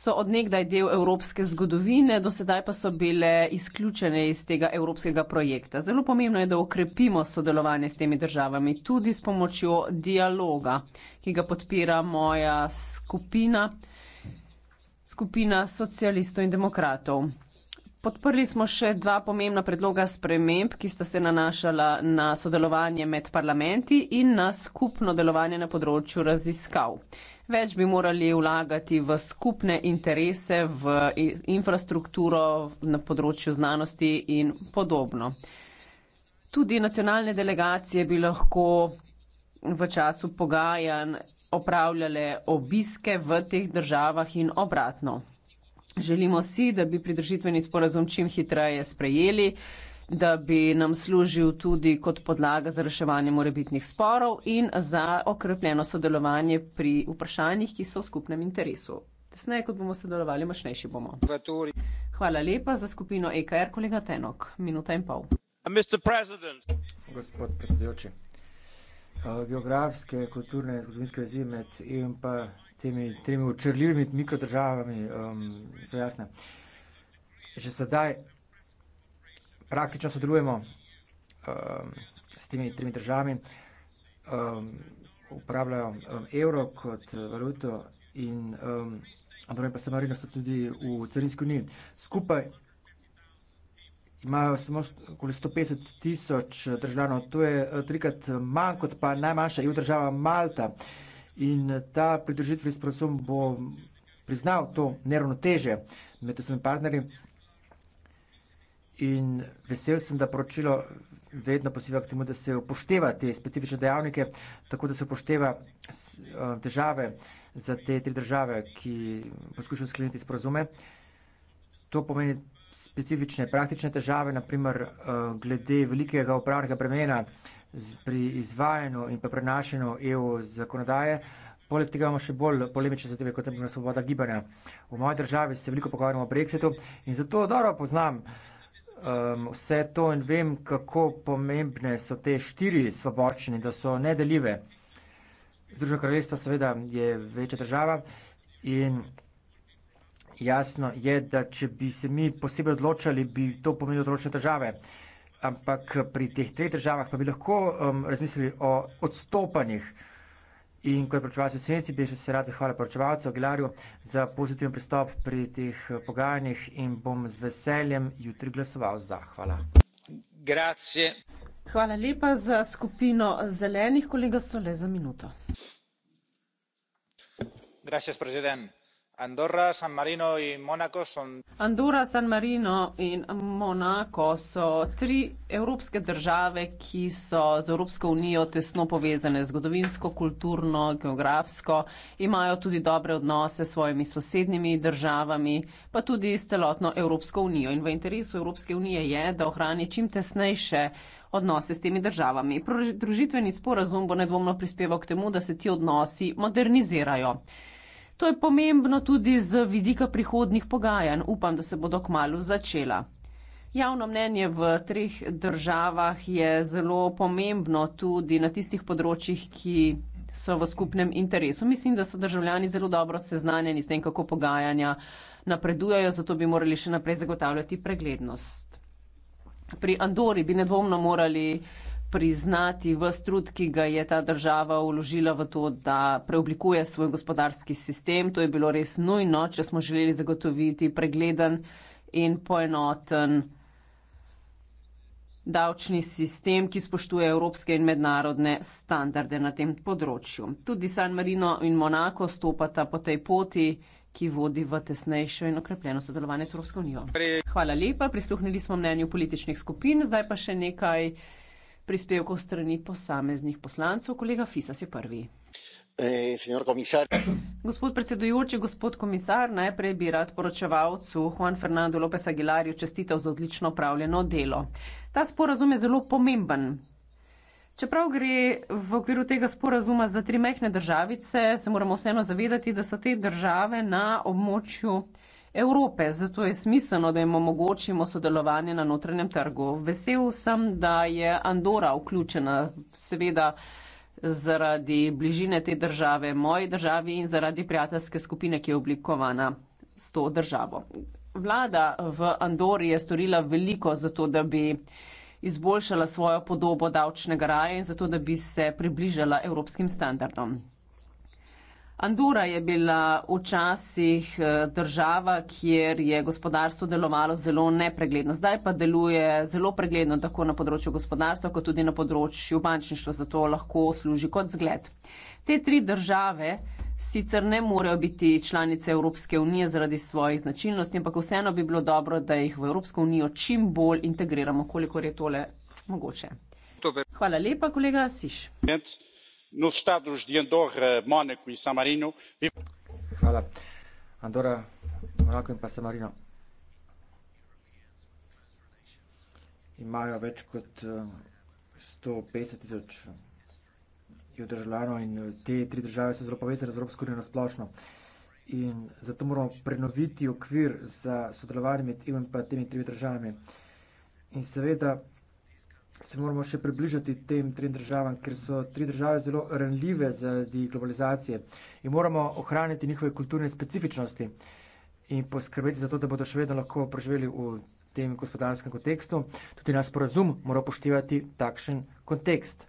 so odnegdaj del evropske zgodovine, do sedaj pa so bile izključene iz tega evropskega projekta. Zelo pomembno je, da okrepimo sodelovanje s temi državami tudi s pomočjo dialoga, ki ga podpira moja skupina, skupina socialistov in demokratov. Podprli smo še dva pomembna predloga sprememb, ki sta se nanašala na sodelovanje med parlamenti in na skupno delovanje na področju raziskav. Več bi morali vlagati v skupne interese, v infrastrukturo na področju znanosti in podobno. Tudi nacionalne delegacije bi lahko v času pogajanj opravljale obiske v teh državah in obratno. Želimo si, da bi pridržitveni sporazum čim hitreje sprejeli, da bi nam služil tudi kot podlaga za reševanje morebitnih sporov in za okrepljeno sodelovanje pri vprašanjih, ki so v skupnem interesu. Tesneje, kot bomo sodelovali, močnejši bomo. Hvala lepa za skupino EKR, kolega Tenok. Minuta in pol. Uh, Gospod predsedujoči, uh, geografske, kulturne in zgodovinske vezi med EU in pa temi, temi očrljivimi mikrodržavami, um, so jasne. Že sedaj praktično sodelujemo um, s temi tremi državami, um, uporabljajo um, evro kot uh, valuto in um, Andorra in pa Samarino so tudi v Carinski uniji. Skupaj imajo samo okoli 150 tisoč uh, državljanov, to je uh, trikrat manj kot pa najmanjša EU država Malta. Uh, in eh, ta pridružitveni sporazum bo priznal to neravnoteže med vsemi partnerji. In vesel sem, da poročilo vedno poziva k temu, da se upošteva te specifične dejavnike, tako da se upošteva eh, težave za te tri države, ki poskušajo skleniti sporazume. To pomeni specifične praktične težave, naprimer eh, glede velikega upravnega bremena, pri izvajanju in prenašanju EU zakonodaje. Poleg tega imamo še bolj polemične zadeve, kot je bila svoboda gibanja. V moji državi se veliko pogovarjamo o brexitu in zato dobro poznam um, vse to in vem, kako pomembne so te štiri svoboščine, da so nedeljive. Združeno kraljestvo seveda je večja država in jasno je, da če bi se mi posebej odločali, bi to pomenilo določene države ampak pri teh treh državah pa bi lahko um, razmislili o odstopanjih. In kot poročevalcu Senci bi še se rad zahvalil poročevalcu Aguilarju za pozitiven pristop pri teh uh, pogajanjih in bom z veseljem jutri glasoval za. Hvala. Grazie. Hvala lepa za skupino zelenih, kolega Sole, za minuto. Gracias, predsednik. Andorra, San Marino y Mónaco son Andorra, San Marino in Monako so tri evropske države, ki so z Evropsko unijo tesno povezane zgodovinsko, kulturno, geografsko, imajo tudi dobre odnose s svojimi sosednjimi državami, pa tudi s celotno Evropsko unijo. In v interesu Evropske unije je, da ohrani čim tesnejše odnose s temi državami. Družitveni sporazum bo nedvomno prispeval k temu, da se ti odnosi modernizirajo. To je pomembno tudi z vidika prihodnih pogajanj. Upam, da se bodo kmalo začela. Javno mnenje v treh državah je zelo pomembno tudi na tistih področjih, ki so v skupnem interesu. Mislim, da so državljani zelo dobro seznanjeni s tem, kako pogajanja napredujajo, zato bi morali še naprej zagotavljati preglednost. Pri Andori bi nedvomno morali priznati vse trud, ki ga je ta država uložila v to, da preoblikuje svoj gospodarski sistem. To je bilo res nujno, če smo želeli zagotoviti pregleden in poenoten davčni sistem, ki spoštuje evropske in mednarodne standarde na tem področju. Tudi San Marino in Monako stopata po tej poti, ki vodi v tesnejšo in okrepljeno sodelovanje s Evropsko unijo. Hvala lepa, prisluhnili smo mnenju političnih skupin, zdaj pa še nekaj prispevkov strani posameznih poslancev. Kolega Fisa si prvi. Eh, gospod predsedujoči, gospod komisar, najprej bi rad poročevalcu Juan Fernando López Aguilarju čestitev za odlično upravljeno delo. Ta sporazum je zelo pomemben. Čeprav gre v okviru tega sporazuma za tri mehne državice, se moramo vseeno zavedati, da so te države na območju Evrope, zato je smiselno, da jim omogočimo sodelovanje na notranjem trgu. Vesel sem, da je Andora vključena, seveda zaradi bližine te države, moji državi in zaradi prijateljske skupine, ki je oblikovana s to državo. Vlada v Andori je storila veliko za to, da bi izboljšala svojo podobo davčnega raja in zato, da bi se približala evropskim standardom. Andura je bila včasih eh, država, kjer je gospodarstvo delovalo zelo nepregledno. Zdaj pa deluje zelo pregledno tako na področju gospodarstva, kot tudi na področju bančništva, zato lahko služi kot zgled. Te tri države sicer ne morejo biti članice Evropske unije zaradi svojih značilnosti, ampak vseeno bi bilo dobro, da jih v Evropsko unijo čim bolj integriramo, kolikor je tole mogoče. Hvala lepa, kolega Siš nos estados de andorra mónaco e san marino imajo več kot eh, sto petdeset tisoč eh, državljanov in eh, te tri države so zelo povezane z evropsko unijo na splošno in zato moramo prenoviti okvir za sodelovanje med eu in pa temi tremi državami in seveda se moramo še približati tem trem državam, ker so tri države zelo ranljive zaradi globalizacije in moramo ohraniti njihove kulturne specifičnosti in poskrbeti za to, da bodo še vedno lahko preživeli v tem gospodarskem kontekstu. Tudi nas porazum mora poštevati takšen kontekst.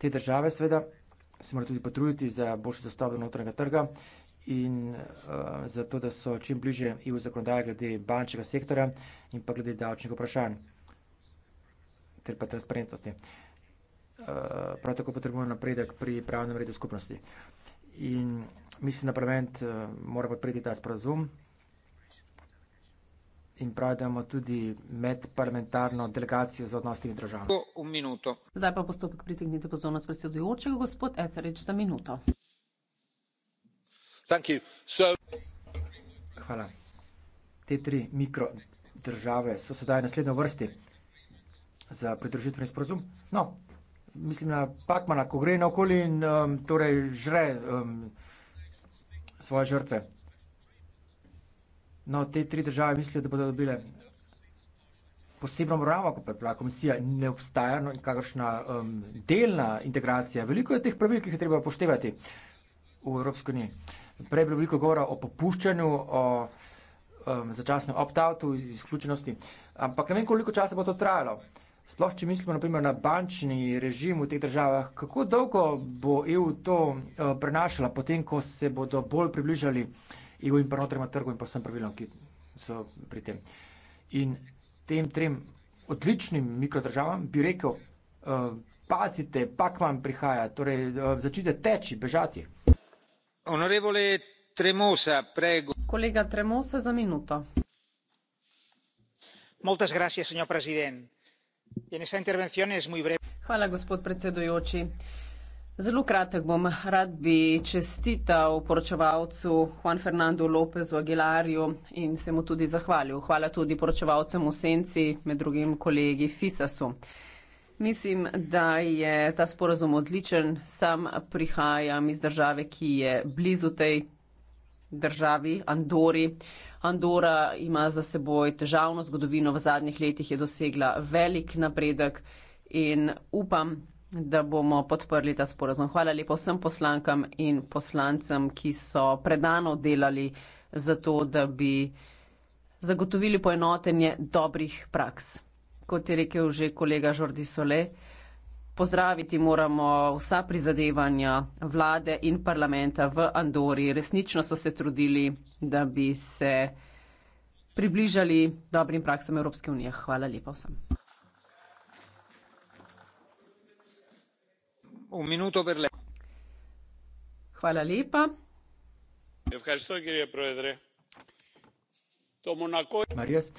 Te države seveda se morajo tudi potruditi za boljši dostop do notranjega trga in uh, zato, da so čim bliže EU zakonodaje glede bančnega sektora in pa glede davčnih vprašanj ter pa transparentnosti. Uh, prav tako potrebujemo napredek pri pravnem redu skupnosti. In mislim, da parlament uh, mora podpreti ta sporazum in pravi, da imamo tudi medparlamentarno delegacijo za odnosti med državami. Zdaj pa postopek pritegnite pozornost predsedujočega, gospod Eferič, za minuto. Hvala. Te tri mikro države so sedaj naslednje v vrsti za pridružitveni sporazum. No, mislim na Pacmana, ko gre naokoli in, um, torej žre, um, svoje žrtve. No, te tri države mislijo, da bodo dobile posebno obravnavo, ko pripravlja komisija, ne obstaja nikakršna, no, um, delna integracija. Veliko je teh pravil, ki jih je treba upoštevati v Evropski uniji. Prej je bilo veliko govora o popuščanju, o um, začasnem opt-outu, izključenosti, ampak ne vem, koliko časa bo to trajalo. Sploh, če mislimo naprimer, na bančni režim v teh državah, kako dolgo bo EU to uh, prenašala, potem, ko se bodo bolj približali EU in pa notranjemu trgu in pa vsem pravilom, ki so pri tem. In tem trem odličnim mikrodržavam bi rekel, uh, pazite, pak vam prihaja, torej uh, začnite teči, bežati señor presidente gospod predsedujoči zelo kratek bom rad bi čestital poročevalcu juan fernandu lópezu aguilarju in se mu tudi zahvalil hvala tudi poročevalcem v senci med drugim kolegi fisasu. Mislim, da je ta sporazum odličen. Sam prihajam iz države, ki je blizu tej državi, Andori. Andora ima za seboj težavno zgodovino, v zadnjih letih je dosegla velik napredek in upam, da bomo podprli ta sporazum. Hvala lepa vsem poslankam in poslancem, ki so predano delali za to, da bi zagotovili poenotenje dobrih praks kot je rekel že kolega Žordi Sole, pozdraviti moramo vsa prizadevanja vlade in parlamenta v Andori. Resnično so se trudili, da bi se približali dobrim praksam Evropske unije. Hvala lepa vsem. Hvala lepa. Marias,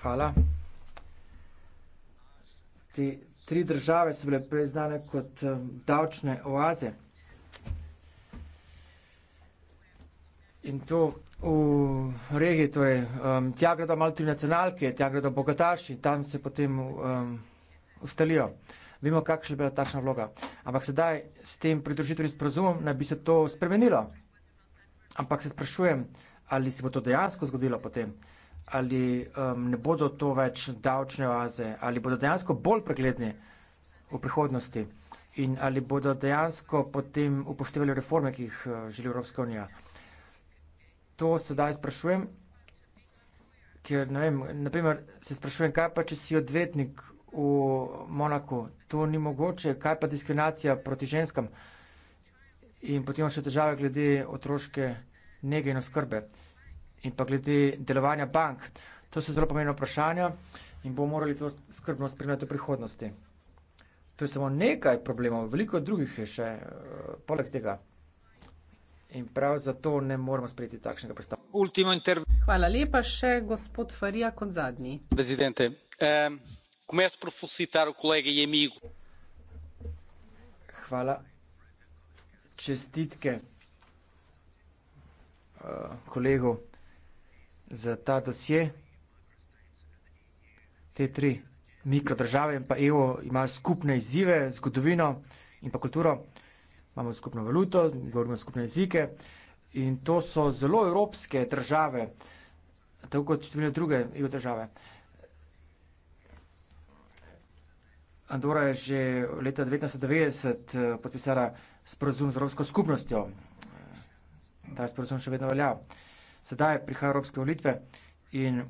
Hvala. Te tri države so bile prej znane kot, um, davčne oaze. In to v regiji, torej, um, tja gredo multinacionalke, tja gredo bogataši, tam se potem, um, ustalijo. Vemo, kakšna je bila takšna vloga. Ampak sedaj s tem pridružitvenim sporazumom naj bi se to spremenilo. Ampak se sprašujem, ali se bo to dejansko zgodilo potem, ali um, ne bodo to več davčne oaze, ali bodo dejansko bolj pregledni v prihodnosti in ali bodo dejansko potem upoštevali reforme, ki jih uh, želi Evropska unija. To sedaj sprašujem, ker ne vem, naprimer se sprašujem, kaj pa, če si odvetnik v Monaku, to ni mogoče, kaj pa diskriminacija proti ženskam in potem še težave glede otroške nege in oskrbe. In pa glede delovanja bank, to so zelo pomembna vprašanja in bomo morali to skrbno spremljati v prihodnosti. To je samo nekaj problemov, veliko drugih je še eh, poleg tega. In prav zato ne moramo sprejeti takšnega predstavljanja. Interv... Hvala lepa, še gospod Farija kot zadnji. Prezidente, eh, profusitar, kolege je Hvala. Čestitke. Eh, kolegov za ta dosje. Te tri mikrodržave in pa EU imajo skupne izzive, zgodovino in pa kulturo. Imamo skupno valuto, govorimo skupne jezike in to so zelo evropske države, tako kot številne druge EU države. Andora je že leta 1990 eh, podpisala sporozum z Evropsko skupnostjo da je sporozum še vedno veljav. Sedaj prihajajo evropske volitve in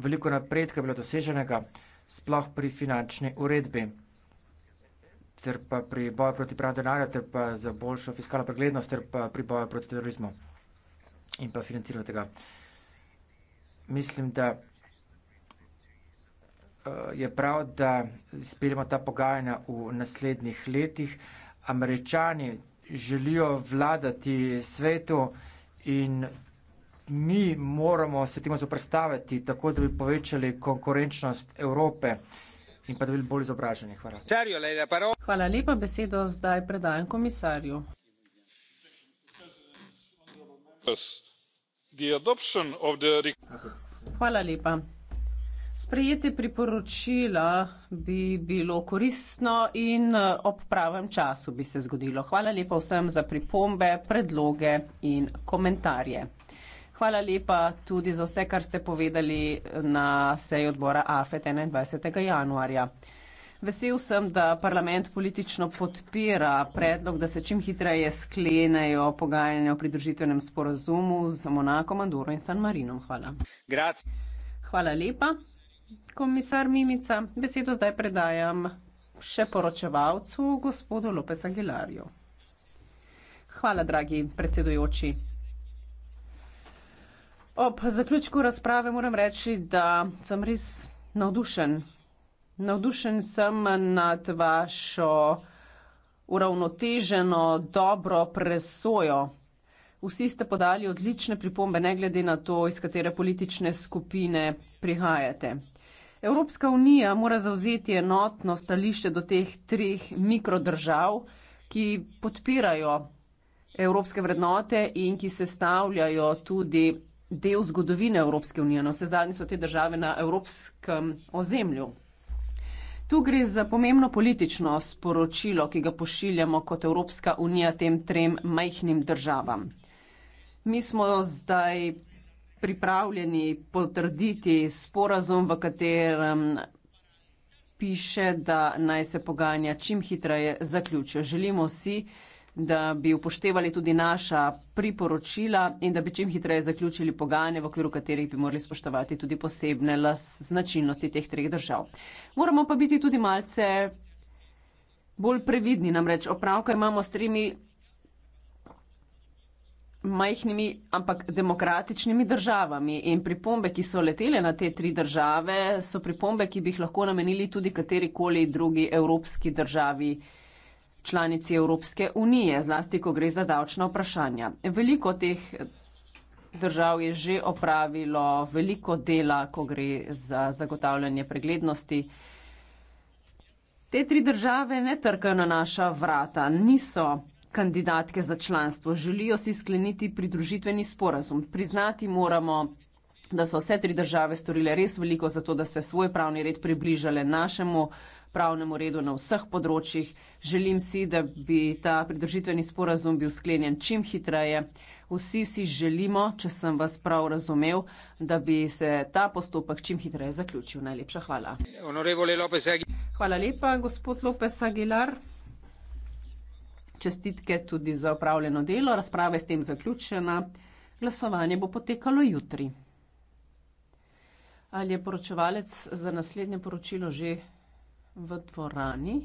veliko napredka je bilo doseženega, sploh pri finančni uredbi, ter pa pri boju proti pranju denarja, ter pa za boljšo fiskalno preglednost, ter pa pri boju proti terorizmu in pa financiranju tega. Mislim, da eh, je prav, da izpeljemo ta pogajanja v naslednjih letih. Američani, želijo vladati svetu in mi moramo se temu zoprstaviti, tako da bi povečali konkurenčnost Evrope in pa da bi bili bolj izobraženi. Hvala. Hvala lepa, besedo zdaj predajam komisarju. Hvala lepa. Sprejetje priporočila bi bilo koristno in eh, ob pravem času bi se zgodilo. Hvala lepa vsem za pripombe, predloge in komentarje. Hvala lepa tudi za vse, kar ste povedali eh, na seji odbora AFET 21. januarja. Vesel sem, da parlament politično podpira predlog, da se čim hitreje sklenejo pogajanja o pridružitvenem sporazumu z Monako, Mandurom in San Marinom. Hvala. Grazie. Hvala lepa. Komisar Mimica, besedo zdaj predajam še poročevalcu, gospodu Lopes Aguilarju. Hvala, dragi predsedujoči. Ob zaključku razprave moram reči, da sem res navdušen. Navdušen sem nad vašo uravnoteženo, dobro presojo. Vsi ste podali odlične pripombe, ne glede na to, iz katere politične skupine prihajate. Evropska unija mora zauzeti enotno stališče do teh treh mikrodržav, ki podpirajo evropske vrednote in ki sestavljajo tudi del zgodovine Evropske unije. No, vse zadnje so te države na evropskem ozemlju. Tu gre za pomembno politično sporočilo, ki ga pošiljamo kot Evropska unija tem trem majhnim državam. Mi smo zdaj pripravljeni potrditi sporazum, v katerem piše, da naj se pogajanja čim hitreje zaključijo. Želimo si, da bi upoštevali tudi naša priporočila in da bi čim hitreje zaključili pogajanja, v okviru katerih bi morali spoštovati tudi posebne značilnosti teh treh držav. Moramo pa biti tudi malce bolj previdni, namreč opravka imamo s tremi majhnimi, ampak demokratičnimi državami. In pripombe, ki so letele na te tri države, so pripombe, ki bi jih lahko namenili tudi katerikoli drugi evropski državi, članici Evropske unije, zlasti, ko gre za davčna vprašanja. Veliko teh držav je že opravilo veliko dela, ko gre za zagotavljanje preglednosti. Te tri države ne trkajo na naša vrata, niso kandidatke za članstvo. Želijo si skleniti pridružitveni sporazum. Priznati moramo, da so vse tri države storile res veliko za to, da se svoj pravni red približale našemu pravnemu redu na vseh področjih. Želim si, da bi ta pridružitveni sporazum bil sklenjen čim hitreje. Vsi si želimo, če sem vas prav razumel, da bi se ta postopek čim hitreje zaključil. Najlepša hvala. Hvala lepa, gospod Lopes Aguilar čestitke tudi za upravljeno delo. Razprava je s tem zaključena. Glasovanje bo potekalo jutri. Ali je poročevalec za naslednje poročilo že v dvorani?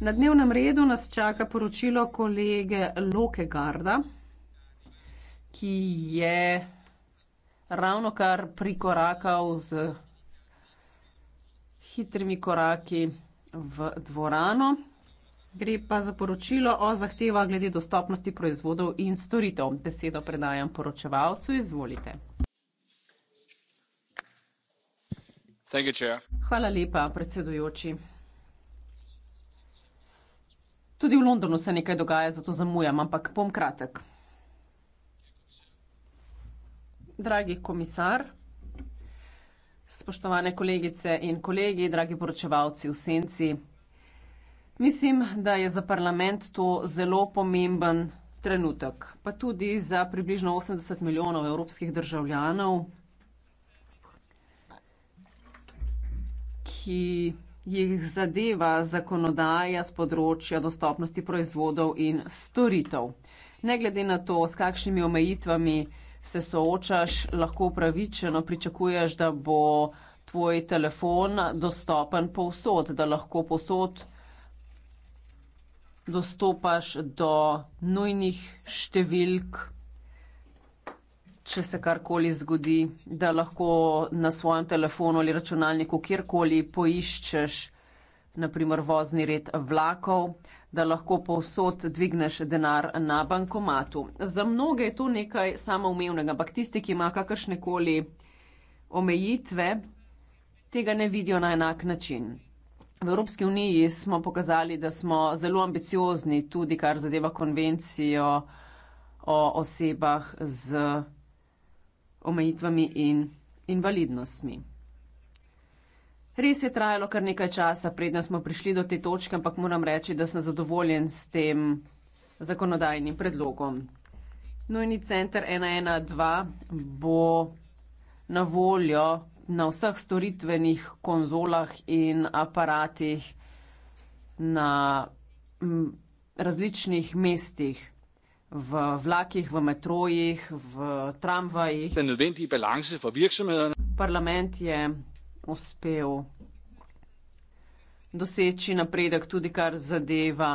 Na dnevnem redu nas čaka poročilo kolege Loke Garda, ki je ravno kar prikorakal z hitrimi koraki v dvorano. Gre pa za poročilo o zahtevah glede dostopnosti proizvodov in storitev. Besedo predajam poročevalcu, izvolite. Hvala lepa, predsedujoči. Tudi v Londonu se nekaj dogaja, zato zamujam, ampak bom kratek. Dragi komisar, Spoštovane kolegice in kolegi, dragi poročevalci v senci. Mislim, da je za parlament to zelo pomemben trenutek, pa tudi za približno 80 milijonov evropskih državljanov, ki jih zadeva zakonodaja z področja dostopnosti proizvodov in storitev. Ne glede na to, s kakšnimi omejitvami se soočaš, lahko upravičeno pričakuješ, da bo tvoj telefon dostopen povsod, da lahko povsod dostopaš do nujnih številk, če se karkoli zgodi, da lahko na svojem telefonu ali računalniku kjerkoli poiščeš naprimer vozni red vlakov, da lahko povsod dvigneš denar na bankomatu. Za mnoge je to nekaj samoumevnega, ampak tisti, ki ima kakršne koli omejitve, tega ne vidijo na enak način. V Evropski uniji smo pokazali, da smo zelo ambiciozni, tudi kar zadeva konvencijo o osebah z omejitvami in invalidnostmi. Res je trajalo kar nekaj časa, predna smo prišli do te točke, ampak moram reči, da sem zadovoljen s tem zakonodajnim predlogom. Nujni center 112 bo na voljo na vseh storitvenih konzolah in aparatih na različnih mestih, v vlakih, v metrojih, v tramvajih. Parlament je uspel doseči napredek tudi kar zadeva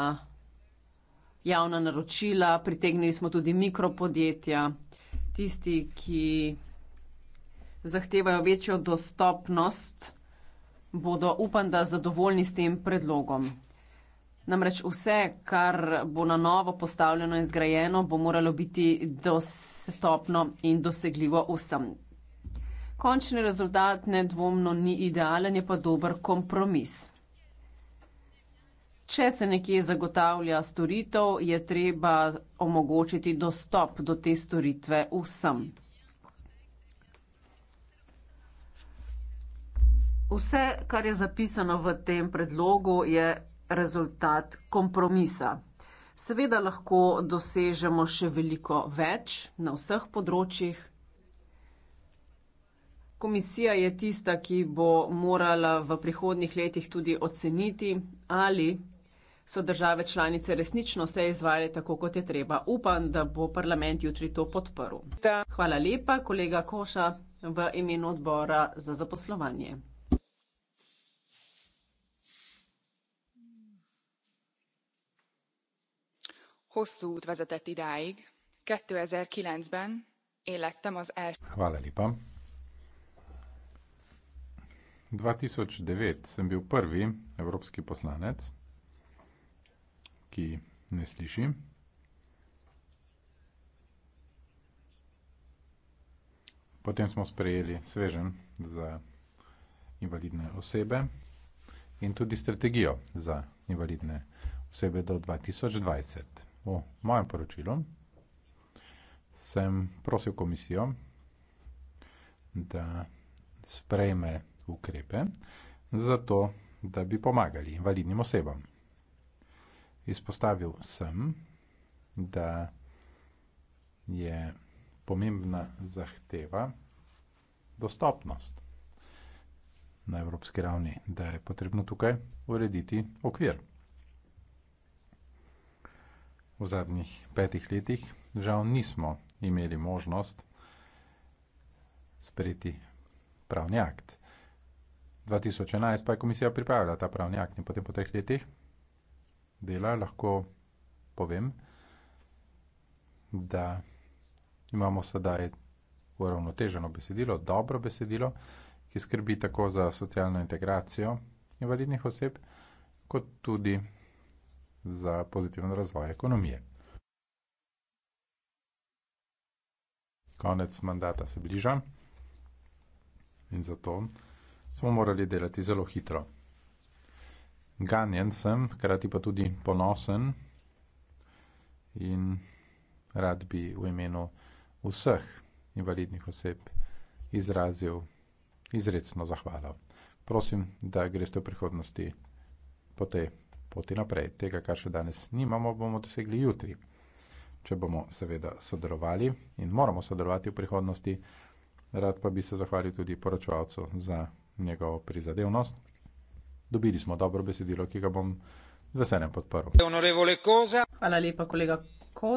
javna naročila, pritegnili smo tudi mikropodjetja, tisti, ki zahtevajo večjo dostopnost, bodo upam, da zadovoljni s tem predlogom. Namreč vse, kar bo na novo postavljeno in zgrajeno, bo moralo biti dostopno in dosegljivo vsem. Končni rezultat nedvomno ni idealen, je pa dober kompromis. Če se nekje zagotavlja storitev, je treba omogočiti dostop do te storitve vsem. Vse, kar je zapisano v tem predlogu, je rezultat kompromisa. Seveda lahko dosežemo še veliko več na vseh področjih, komisija je tista, ki bo morala v prihodnih letih tudi oceniti, ali so države članice resnično vse izvajale tako, kot je treba. Upam, da bo parlament jutri to podprl. Hvala lepa, kolega Koša, v imenu odbora za zaposlovanje. Hvala lepa. 2009 sem bil prvi evropski poslanec, ki ne sliši. Potem smo sprejeli svežen za invalidne osebe in tudi strategijo za invalidne osebe do 2020. V mojem poročilu sem prosil komisijo, da sprejme ukrepe, zato da bi pomagali invalidnim osebam. Izpostavil sem, da je pomembna zahteva dostopnost na evropski ravni, da je potrebno tukaj urediti okvir. V zadnjih petih letih žal nismo imeli možnost sprejeti pravni akt. 2011 pa je komisija pripravila ta pravni akt in potem po treh letih dela lahko povem, da imamo sedaj uravnoteženo besedilo, dobro besedilo, ki skrbi tako za socialno integracijo invalidnih oseb, kot tudi za pozitiven razvoj ekonomije. Konec mandata se bliža in zato smo morali delati zelo hitro. Ganjen sem, krati pa tudi ponosen in rad bi v imenu vseh invalidnih oseb izrazil izredno zahvalo. Prosim, da greste v prihodnosti po tej poti naprej. Tega, kar še danes nimamo, bomo dosegli jutri. Če bomo seveda sodelovali in moramo sodelovati v prihodnosti, rad pa bi se zahvalil tudi poročevalcu za njegovo prizadevnost. Dobili smo dobro besedilo, ki ga bom z veseljem podprl. Hvala lepa, kolega Koza.